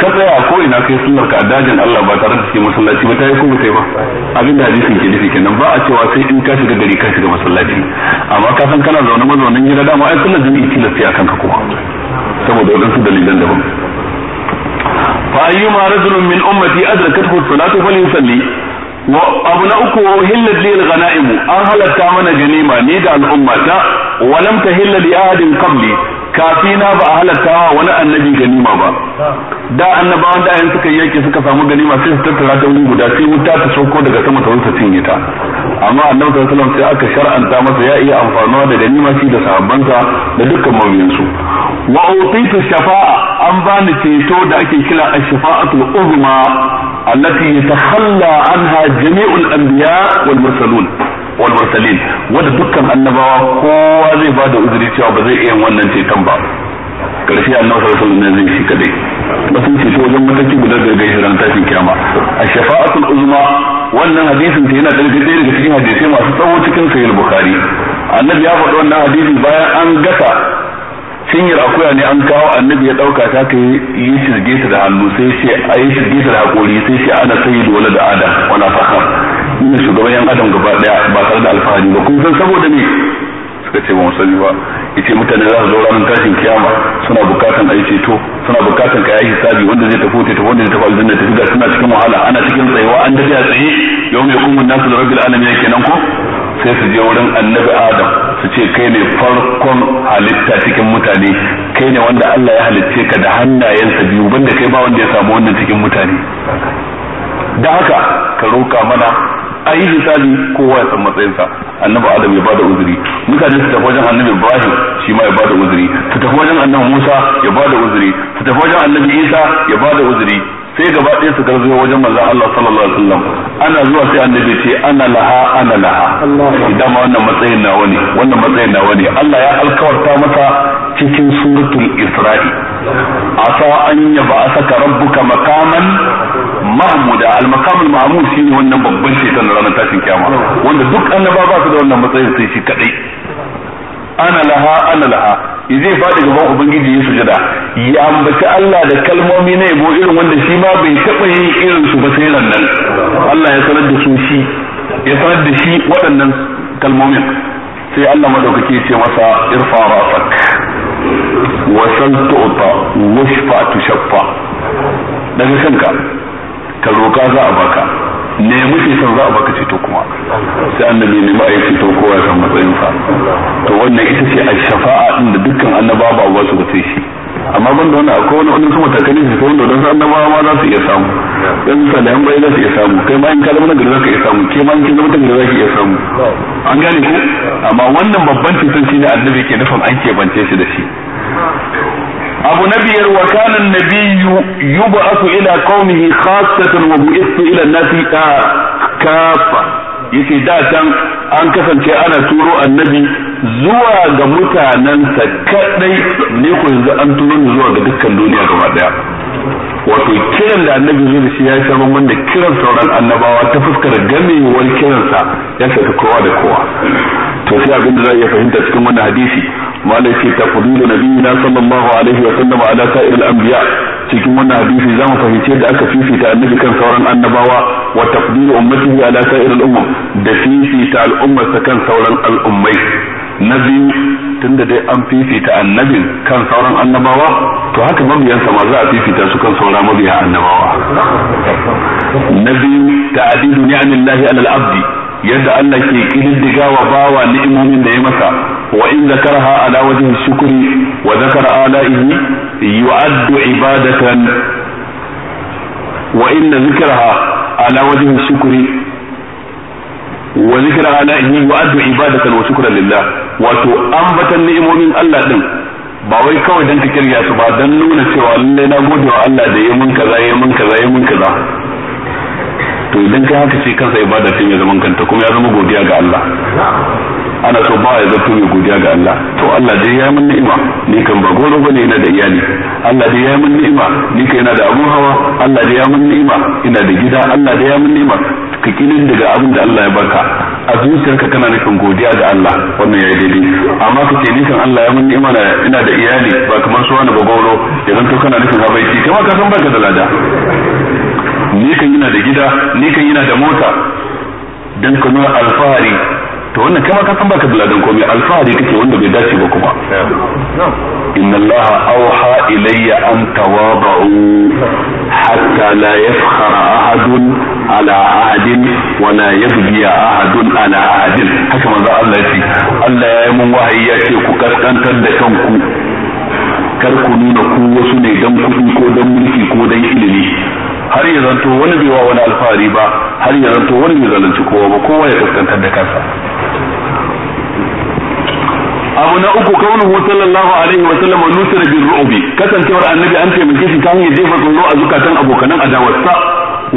ka tsaya ko ina kai sallar ka dajin Allah ba tare da cikin masallaci ba ta yi ko ba ta yi ba abin da hadisin ke nufi kenan ba a cewa sai in ka shiga gari ka shiga masallaci amma ka san kana zaune mazaunin gida dama ai sallar jami'i tilasta ya kanka kuma saboda wadansu dalilan daban fa ayyuma rajulun min ummati adrakathu salatu falyusalli wa abu na uku wa hillat li al-ghanaim an halarta mana ganima ni da al'umma ta lam tahilla li ahadin qabli kafina ba a halarta wa wani annabi ganima ba da annabawan da ayin suka yake suka samu ganima sai su tattara ta wuri guda sai wuta ta sauko daga sama ta wuce cinye ta amma annabi sallallahu alaihi wasallam sai aka shar'anta masa ya iya amfanuwa da ganima shi da sahabbansa da dukkan mabiyan su wa utitu shafa'a an bani ceto da ake kira ash-shafa'atul uzma allati yatakhalla anha jami'ul anbiya wal mursalun wal mursalin wanda dukkan annabawa kowa zai bada uzuri cewa ba zai iya wannan ceton ba karshe annabi sallallahu alaihi wasallam zai shi kadai ba sun ceto wajen mataki guda daga hijiran tashin kiyama ash-shafa'atul uzma wannan hadisin ta yana daga ɗaya daga cikin hadisai masu tsawo cikin sayar bukhari annabi ya faɗi wannan hadisi bayan an gasa cinyar akuya ne an kawo annabi ya ɗauka ta ka yi shirge ta da hannu sai ce a yi shirge ta da haƙori sai ce ana sayi da wani da adam wala fasa ni shugaban yan adam gaba ɗaya ba tare da alfahari ba kun san saboda ne suka ce ba mu sani ba yace mutane za su zo ranar tashin kiyama suna bukatan ai ceto suna bukatan kai yi hisabi wanda zai tafi tafi wanda zai tafi aljanna tafi ga suna cikin wahala ana cikin tsayuwa an dace a tsaye yau mai kuma nasu da rabbil alamin kenan ko sai su je wurin annabi adam su ce kai ne farkon halitta cikin mutane kai ne wanda Allah ya halicce ka da hannayensa biyu banda kai ba wanda ya samu wannan cikin mutane da haka ka roka mana a yi hisabi kowa ya san matsayinsa annabi adam ya bada uzuri mutane su tafi wajen annabi ibrahim shi ma ya bada uzuri su tafi wajen annabi musa ya bada uzuri su tafi wajen annabi isa ya bada uzuri sai gaba ɗaya su garzo wajen manzon Allah sallallahu alaihi wasallam ana zuwa sai annabi ce ana laha ana laha idan ma wannan matsayin nawa ne wannan matsayin nawa ne Allah ya alkawarta masa cikin suratul isra'i asa an yaba asaka rabbuka makaman mahmuda al-maqamul mahmud shine wannan babban na ranar tashin kiyama wanda duk annaba ba su da wannan matsayin sai shi kadai ana laha ana laha zai faɗi gaban ubangiji ya sujada ya ambaci Allah da kalmomi na yabo irin wanda shi ma bai taɓa yin irin su ba sai nan Allah ya sanar da su shi ya sanar da shi waɗannan kalmomin sai Allah madaukake ya ce masa irfa rafak wa sal tu'ta washfa tushaffa daga kanka ka roƙa za a baka nemi san za a baka ceto kuma sai annabi ne ba a yi ceto kowa san sa to wannan ita ce a shafa'a din da dukkan annaba ba ba su ba sai shi amma ban da wannan akwai wani wani su takalin shi sai wanda don annabawa ma za su iya samu da yan bai za su iya samu kai ma in ka zama nagari za ka iya samu ke ma in ka zama nagari za ka iya samu an gane ku amma wannan babban cutar shi ne annabi ke nufin an keɓance shi da shi abu na biyar wa kanan nabi النبي يبعث qaumihi قومه wa bu'ithu ila الناس nasi يكي دا كان can an kasance ana turo annabi zuwa ga mutanensa kadai ne ko yanzu an turo ni zuwa ga dukkan duniya gaba daya wato kiran da annabi zai da shi ya san mun da kiran sauran annabawa ta fuskar kiran sa ya saka kowa da kowa to sai abin da zai fahimta cikin wannan hadisi malai ta tafdilu nabiyina sallallahu alaihi wa sallam ala sa'iril anbiya cikin wannan hadisi za mu fahimci yadda aka fifita annabi kan sauran annabawa wa taqdiru ummatihi ala sa'ir al-ummah da fifita al'ummarsa kan sauran al'ummai na biyu tunda dai an fifita annabin kan sauran annabawa to haka mabiyansa ma za a fifita su kan sauran mabiya annabawa na biyu ta'adidu ni'amillahi ala al-abdi yadda Allah ke kididdigawa bawa ni'imomin da ya masa وإن ذكرها على وجه الشكر وذكر آلائه يعد عبادة وإن ذكرها على وجه الشكر وذكر آلائه يعد عبادة وشكرا لله wato batan ni'imomin Allah din ba wai kawai dan ka kirya su ba dan nuna cewa lallai na gode wa Allah da yayi kaza kaza kaza to idan ka haka sai kansa ibada ce mai zaman kanta kuma ya zama godiya ga Allah ana so ba ya zato mai godiya ga Allah to Allah dai ya min ni'ima ni kan ba goro bane ina da iyali Allah dai ya min ni'ima ni kan ina da abun hawa Allah dai ya min ni'ima ina da gida Allah dai ya min ni'ima ka kinin daga abin da Allah ya baka a zuciyarka kana nufin godiya ga Allah wannan yayi daidai amma ka ce nisan Allah ya min ni'ima ina da iyali ba kamar su wani ba goro yanzu to kana nufin habaici kama ka san baka da lada ni kan yana da gida ni kan yana da mota dan ka alfahari to wannan kai ma ka san baka da dan komai alfahari kake wanda bai dace ba kuma inna allaha awha ilayya an tawadu hatta la yafkhara ahadun ala ahadin wa la yabghi ahadun ala ahadin haka manzo Allah yace Allah ya yi mun wahayi ya ce ku kaskantar da kanku kar ku nuna ku wasu ne dan kuɗi ko dan mulki zanto wani bai wa wani alfahari ba har ya zanto wani bai zalunci kowa ba kowa ya kaskantar da kansa abu na uku kaunuhu sallallahu alaihi wa sallam nusira bil ru'bi kasancewar annabi an taimake shi ta hanyar jefa tsoro a zukatan abokanan adawarsa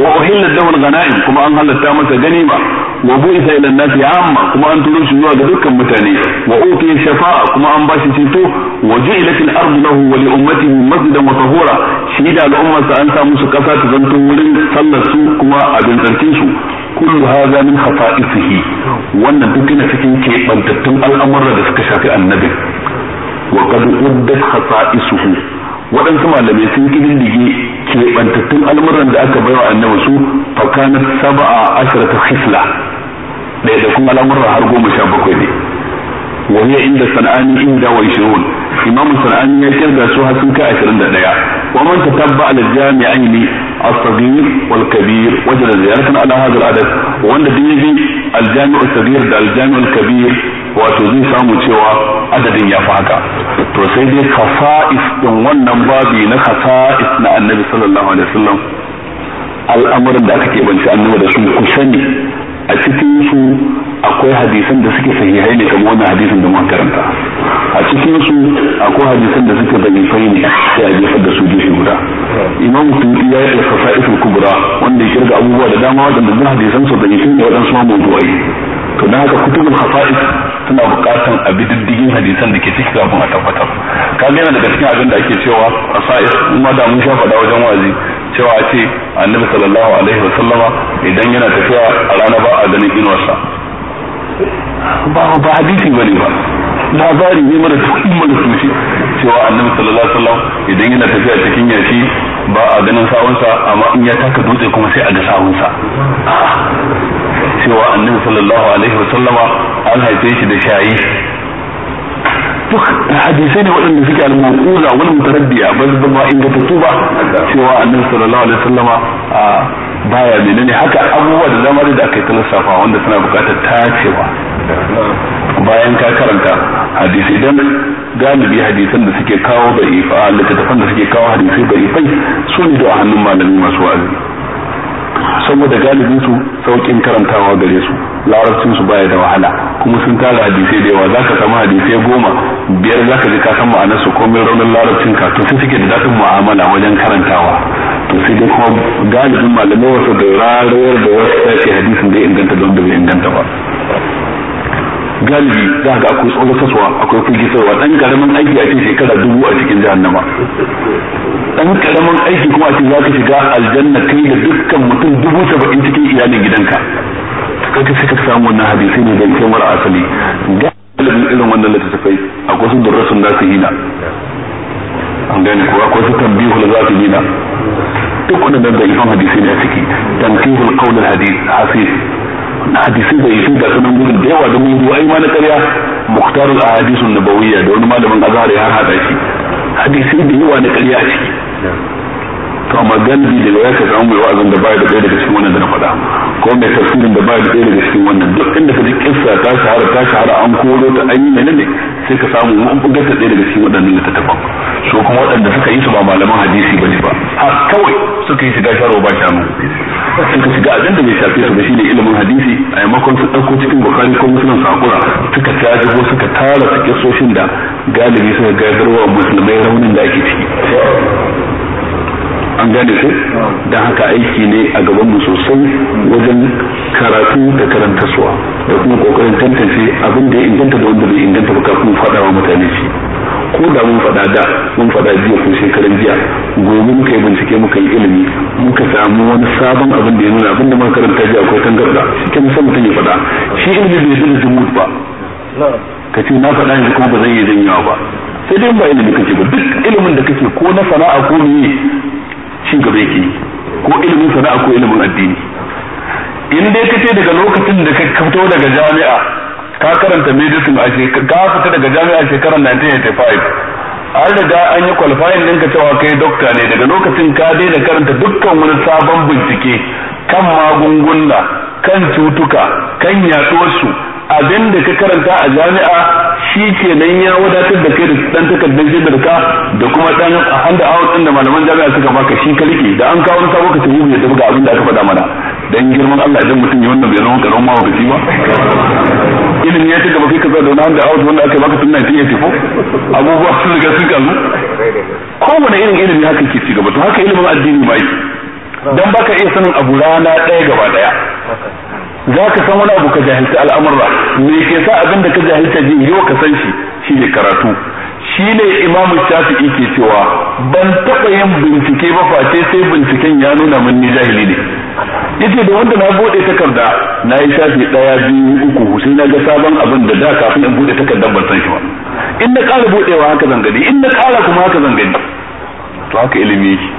wa uhilla dawal al-ghanaim kuma an halatta masa ganima wa bu'itha ila an hamma amma kuma an turo shi zuwa ga dukkan mutane wa utiya shafa'a kuma an bashi ceto wa ju'ilat al-ardu lahu wa li ummatihi masjidan wa tahura shi da al'ummar sa an sa musu kasa ta zanto wurin sallar su kuma abin zartin su kullu hadha min khafa'isihi wannan duk yana cikin kebantattun al'amuran da suka shafi annabi wa qad uddat khafa'isuhu waɗansu malamai sun kididdige keɓantattun al'amuran da aka baiwa annabi su fakanat saba'a ta hisla da kuma al'amurra har goma sha bakwai ne wa hiya inda sana'ani inda wa ishirun imamu sana'ani ya kirga su har sun kai ashirin da ɗaya wa man tatabba al jami'aini as-saghir wal kabir wajada ziyaratan ala hadha al-adad wanda dai bi al-jami' saghir da al-jami' al-kabir wato zai samu cewa adadin ya fi haka to sai dai khasa'is din wannan babi na khasa'is na annabi sallallahu alaihi wasallam al'amuran da aka ke banci annabi da su kusa ne a cikin su akwai hadisan da suke sahihai ne kamar wannan hadisan da muka karanta a cikin su akwai hadisan da suke da'ifai ne sai a jefar da su gefe guda imam musulmi ya yi fasa'isul kubra wanda ya kirga abubuwa da dama waɗanda duk hadisan su da'ifai ne waɗansu ma mawdu'ai to dan haka kutubul khasa'is suna bukatan a bi diddigin hadisan da ke ciki kafin a tabbatar kaga yana daga cikin abin da ake cewa khasa'is in ma da mun sha faɗa wajen wazi cewa a ce annabi sallallahu alaihi wa sallama idan yana tafiya a rana ba a ganin inuwarsa ba ba hadisi bane ba labari ne mara tukun mara tushe cewa annabi sallallahu alaihi wasallam idan yana tafiya cikin yashi ba a ganin sawunsa amma in ya taka dutse kuma sai a ga sawunsa cewa annabi sallallahu alaihi wasallama an haife shi da shayi duk hadisai ne waɗanda suke al-manqula wal mutaraddiya ba su zama ingantattu ba cewa annabi sallallahu alaihi wasallama baya menene haka abubuwa da zama da aka yi talasafa wanda suna buƙatar tacewa bayan ka karanta hadisi idan galibi hadisan da suke kawo da ifa littattafan da suke kawo hadisi da ifai su ne da hannun malami masu wa'azi saboda galibin su saukin karantawa gare su larabcin su baya da wahala kuma sun tara hadisai da yawa zaka samu hadisai goma biyar zaka ji ka san ma'anar su komai raunin larabcin ka to sai suke da dafin mu'amala wajen karantawa to sai dai kuma galibin malamai wasu da rarayar da wasu sai hadisin da inganta don da bai inganta ba galibi za ka akwai kasuwa akwai firgitarwa dan karamin aiki a cikin shekara dubu a cikin jahannama dan karamin aiki kuma a cikin za ka shiga aljanna kai da dukkan mutum dubu saba'in cikin iyalin gidanka ka suka samu wannan hadisi ne don kai mara asali galibin irin wannan littattafai akwai su durrasun nasu hina an gane kuwa akwai su tambihul zafi hina duk waɗannan da ifan hadisai ne a ciki tantihul qaulul hadis hasis na hadisai da ifin da sunan gurin da yawa da mun ai ma na ƙarya muhtarul ahadisun nabawiyya da wani malamin azhar ya hada shi hadisai da yawa na ƙarya a ciki kama amma galibi daga ya ka samu mai wa'azin da baya da ɗaya daga cikin wannan da na faɗa ko mai tafsirin da baya da ɗaya daga cikin wannan duk inda ka ji kissa ta shahara ta shahara an koro ta an yi menene sai ka samu mun bugar ta ɗaya daga cikin waɗannan littattafan so kuma waɗanda suka yi su ba malaman hadisi ba ne ba ha kawai suka yi shiga sharo ba shanu suka shiga abin da bai shafe su ba shine ilimin hadisi a yamakon su ɗauko cikin bukari ko musulun sakura suka ko suka tara su kisoshin da galibi suka gaggarwa musulmai raunin da ake ciki an gane ko don haka aiki ne a gaban mu sosai wajen karatu da suwa da kuma kokarin tantance abin da ya inganta da wanda bai inganta ba kafin faɗawa mutane shi ko da mun faɗa da mun faɗa jiya ko shekaran jiya gobe muka yi bincike muka yi ilimi muka samu wani sabon abin da ya nuna abin da muka karanta jiya akwai tangarda cikin san mutum ya faɗa shi ilimi bai da mutu ba ka ce na faɗa yanzu kuma ba zan yi janyawa ba sai dai ba ilimi kake ba duk ilimin da kake ko na sana'a ko ne ci gaba yake ko ilimin sana'a ko ilimin addini in dai ka ce daga lokacin da ka fito daga jami'a ka karanta medicine a ka fita daga jami'a shekarar 1985 an riga an yi qualifying ɗinka cewa kai dokta ne daga lokacin ka daina karanta dukkan wani sabon bincike kan magunguna kan cutuka kan yaduwarsu abin da ka karanta a jami'a shi ke nan ya wadatar da kai da dan takardar shaidar ka da kuma dan handa awon din da malaman jami'a suka baka shi ka rike da an kawo sabo ka tafi ya ga abin da aka faɗa mana dan girman Allah idan mutum ya wannan bai zama karon mawa wakaci ba ilimi ya ce gaba kai ka zo da wani handa awon wanda aka baka tun 1984 abubuwa sun riga sun kazu kowane irin ilimi haka ke ci gaba to haka ilimin addini ba yi dan baka iya sanin abu rana ɗaya gaba ɗaya za ka san wani abu ka jahilci al'amurra me ke sa abin da ka jahilta ji yau ka san shi shi ne karatu shi ne imamu shafi'i ke cewa ban taɓa yin bincike ba face sai binciken ya nuna min ni jahili ne yace da wanda na bude takarda na yi shafi ɗaya biyu uku sai na ga sabon abin da da kafin in bude takarda ban san shi ba in na ƙara budewa haka zan in na ƙara kuma haka zan to haka ilimi shi.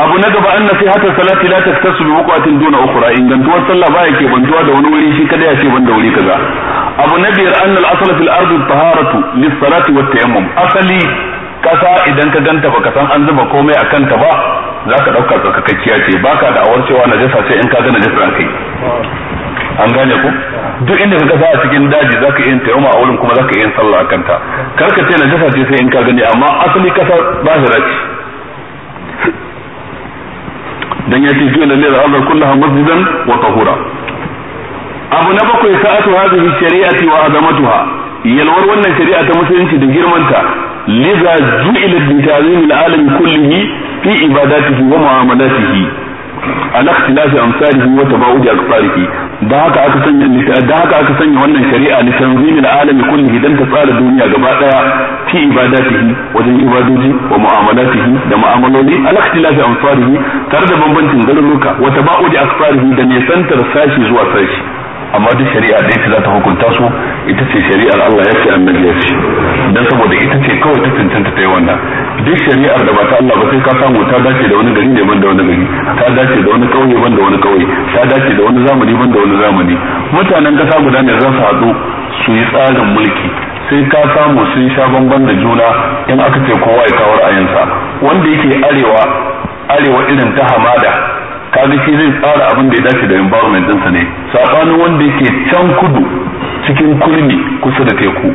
abu na gaba an nasihatu salati la taktasu bi waqatin duna ukhra ingantuwar sallah ba ke bantuwa da wani wuri shi kada ya ce banda wuri kaza abu na biyar an al asl fil ardi taharatu lis salati wat tayammum asali kasa idan ka ganta ba ka san an zuba komai a kanta ba za ka ɗauka tsarkakakkiya ce baka da awarcewa na jasa sai in ka ga najasa kai an gane ku duk inda ka kasa a cikin daji za ka iya tayammum a wurin kuma za ka iya sallah a kanta kar ka ce najasa ce sai in ka gani amma asali kasa ba shi dan yace fi'lan da Allah kullaha masjidan wa tahura abu na bakwai sa'atu hadhihi shari'ati wa azamatuha yalwar wannan shari'a ta musulunci da girmanta liza ju'ila bi ta'zim al kullihi fi ibadatihi wa mu'amalatihi ala ikhtilafi amsalihi wa tabawudi aqsarihi da haka aka sanya da haka aka sanya wannan shari'a ni tanzimil alami kullihi dan ta tsara duniya gaba daya fi ibadatihi wajen ibadoji wa mu'amalatihi da mu'amaloli ala ikhtilafi amsalihi tare da bambancin garuruka wa tabawudi aqsarihi da nesantar sashi zuwa sashi amma duk shari'a da yake za ta hukunta su ita ce shari'ar Allah ya ce annabi ya ce dan saboda ita ce kawai ta cancanta ta yi wannan duk shari'ar da ba ta Allah ba sai ka samu ta dace da wani gari ne ban da wani gari ta dace da wani kauye ban da wani kauye ta dace da wani zamani ban da wani zamani mutanen kasa guda ne za su haɗu su yi tsarin mulki sai ka samu sun sha bamban da juna in aka ce kowa ya kawar ayinsa wanda yake arewa arewa irin ta hamada ga shi zai tsara abin da ya dace da environment ɗinsa ne sabanin wanda yake can kudu cikin kulmi kusa da teku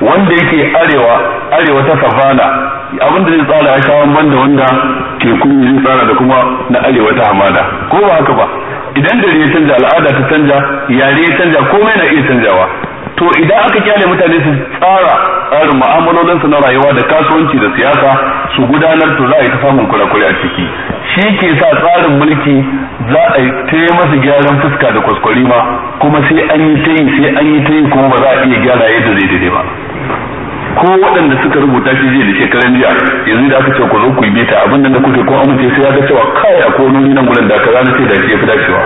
wanda yake arewa arewa ta savana abin da zai tsara ya shawon banda wanda ke kulmi zai tsara da kuma na arewa ta hamada ko ba haka ba idan dare ya canja al'ada ta canja yare ya canja komai na iya canjawa to idan aka kyale mutane su tsara tsarin mu'amalolinsu na rayuwa da kasuwanci da siyasa su gudanar to za a yi ta samun kurakure a ciki shi ke sa tsarin mulki za a yi ta yi masa gyaran fuska da kwaskwari ma kuma sai an yi ta yi sai an yi ta yi kuma ba za a iya gyara yadda zai daidai ba ko waɗanda suka rubuta shi jiya da shekaran jiya yanzu da aka ce ku zo ku yi bita abin da kuke ko amince sai ya ga cewa kai a ko nan gudan da kaza na ce da shi ya fi dacewa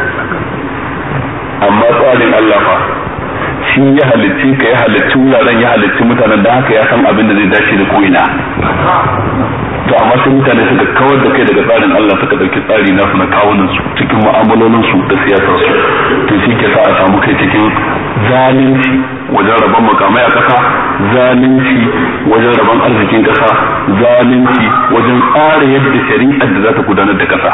amma tsarin Allah fa shi ya halicci ka ya halicci wuraren ya halicci mutanen da haka ya san abin da zai dace da ko'ina to amma sai mutane suka kawar da kai daga tsarin Allah suka ɗauki tsari na na kawunan su cikin mu'amalolin su da siyasar su to shi ke sa a samu kai cikin zalunci wajen rabon makamai a ƙasa zalunci wajen rabon arzikin ƙasa zalunci wajen tsara yadda shari'ar da za ta gudanar da ƙasa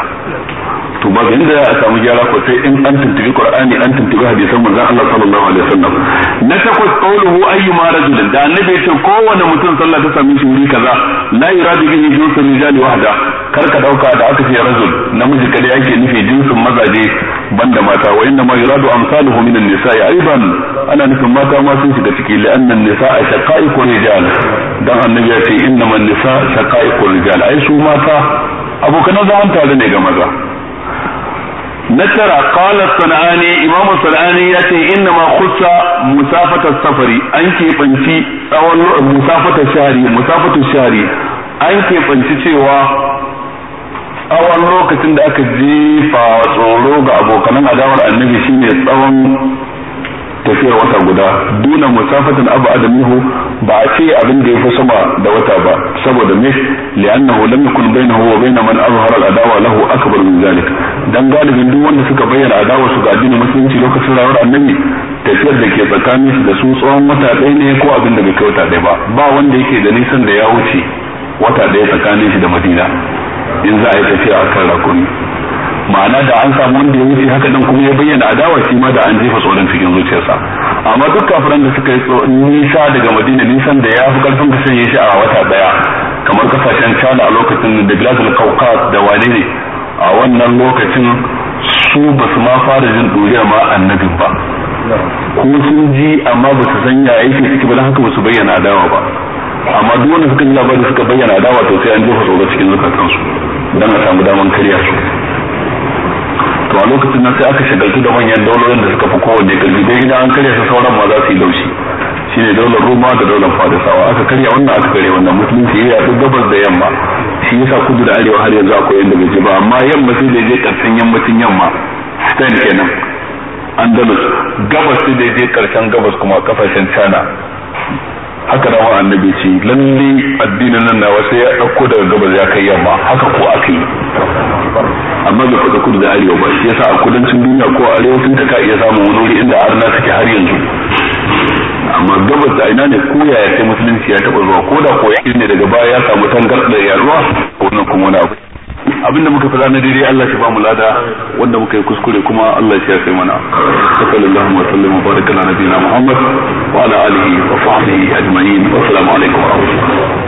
to ba inda a samu gyara ko sai in an tuntubi qur'ani an tuntubi hadisan manzon Allah sallallahu alaihi wasallam na takwas qawluhu ma rajul da annabi ya ce kowanne mutum sallah ta sami shi wuri kaza la yuradu bihi jinsu rijal wahda kar ka dauka da aka ce rajul namiji kada yake nufi jinsin mazaje banda mata wa inna ma yuradu amsaluhu minan nisa'i aidan ana nufin mata ma sun shiga ciki li anna nisa'a shaqaiqu rijal dan annabi ya ce man nisa shaqaiqu rijal ai su mata abokan zaman tare ne ga maza na tara qala sanani imamu sanani ya ce inna ma kusa musafata safari an keɓanci tsawon musafata shari musafata shari an keɓanci cewa tsawon lokacin da aka jefa tsoro ga abokanan adawar annabi shine tsawon tafiyar wata guda duna musafatan abu adamihu ba a ce abin da yafi sama da wata ba saboda me li'annahu lam yakun bainahu wa bain man azhara al-adawa lahu akbar min zalik dan galibin duk wanda suka bayyana adawa su ga addinin musulunci lokacin rawar annabi tafiyar da ke tsakanin su da su tsawon wata ɗaya ne ko abin da bai kai wata ɗaya ba ba wanda yake da nisan da ya wuce wata ɗaya tsakanin shi da madina in za a yi tafiya akan rakumi ma'ana da an samu wanda ya wuce haka dan kuma ya bayyana adawa shi ma da an jefa tsoron cikin zuciyarsa amma duk kafiran da suka yi nisa daga madina nisan da ya fi karfin ka sanya shi a wata daya kamar kasashen shana a lokacin da gilazul kauka da wane ne a wannan lokacin su ba su ma fara jin doriya ma annabin ba ko sun ji amma ba su sanya aiki suke ba haka ba su bayyana adawa ba amma duk wanda suka ji labarin suka bayyana adawa to sai an jefa tsoro cikin zukatansu don a samu daman karya su to a lokacin nan sai aka shagaltu da manyan daularin da suka fi kowanne karfi dai idan an karya su sauran ma za su yi laushi shine daular Roma da daular fadisawa aka karya wannan aka karya wannan musulunci ya yi gabas da yamma shi yasa kudu da arewa har yanzu akwai yadda bai ji ba amma yamma sai da je karshen yammacin yamma Spain kenan Andalus gabas sai da je karshen gabas kuma kafashen China haka da annabi ce lalle addinin nan nawa sai ya ɗauko daga gabas ya kai yamma haka ko aka yi amma bai faɗa kudu da arewa ba shi yasa a kudancin duniya ko arewacin ta ka iya samun wani wuri inda arna suke har yanzu amma gabas da ina ne ko yaya sai musulunci ya taɓa zuwa ko da ko ya ne daga baya ya samu tangarɗa yaruwa wannan kuma wani abu abinda muka fada na daidai Allah shi ba mu lada wanda muka yi kuskure kuma Allah shi ya sai mana sallallahu alaihi wa sallam wa baraka ala nabiyina muhammad wa ala alihi wa sahbihi ajma'in wa assalamu alaikum wa rahmatullahi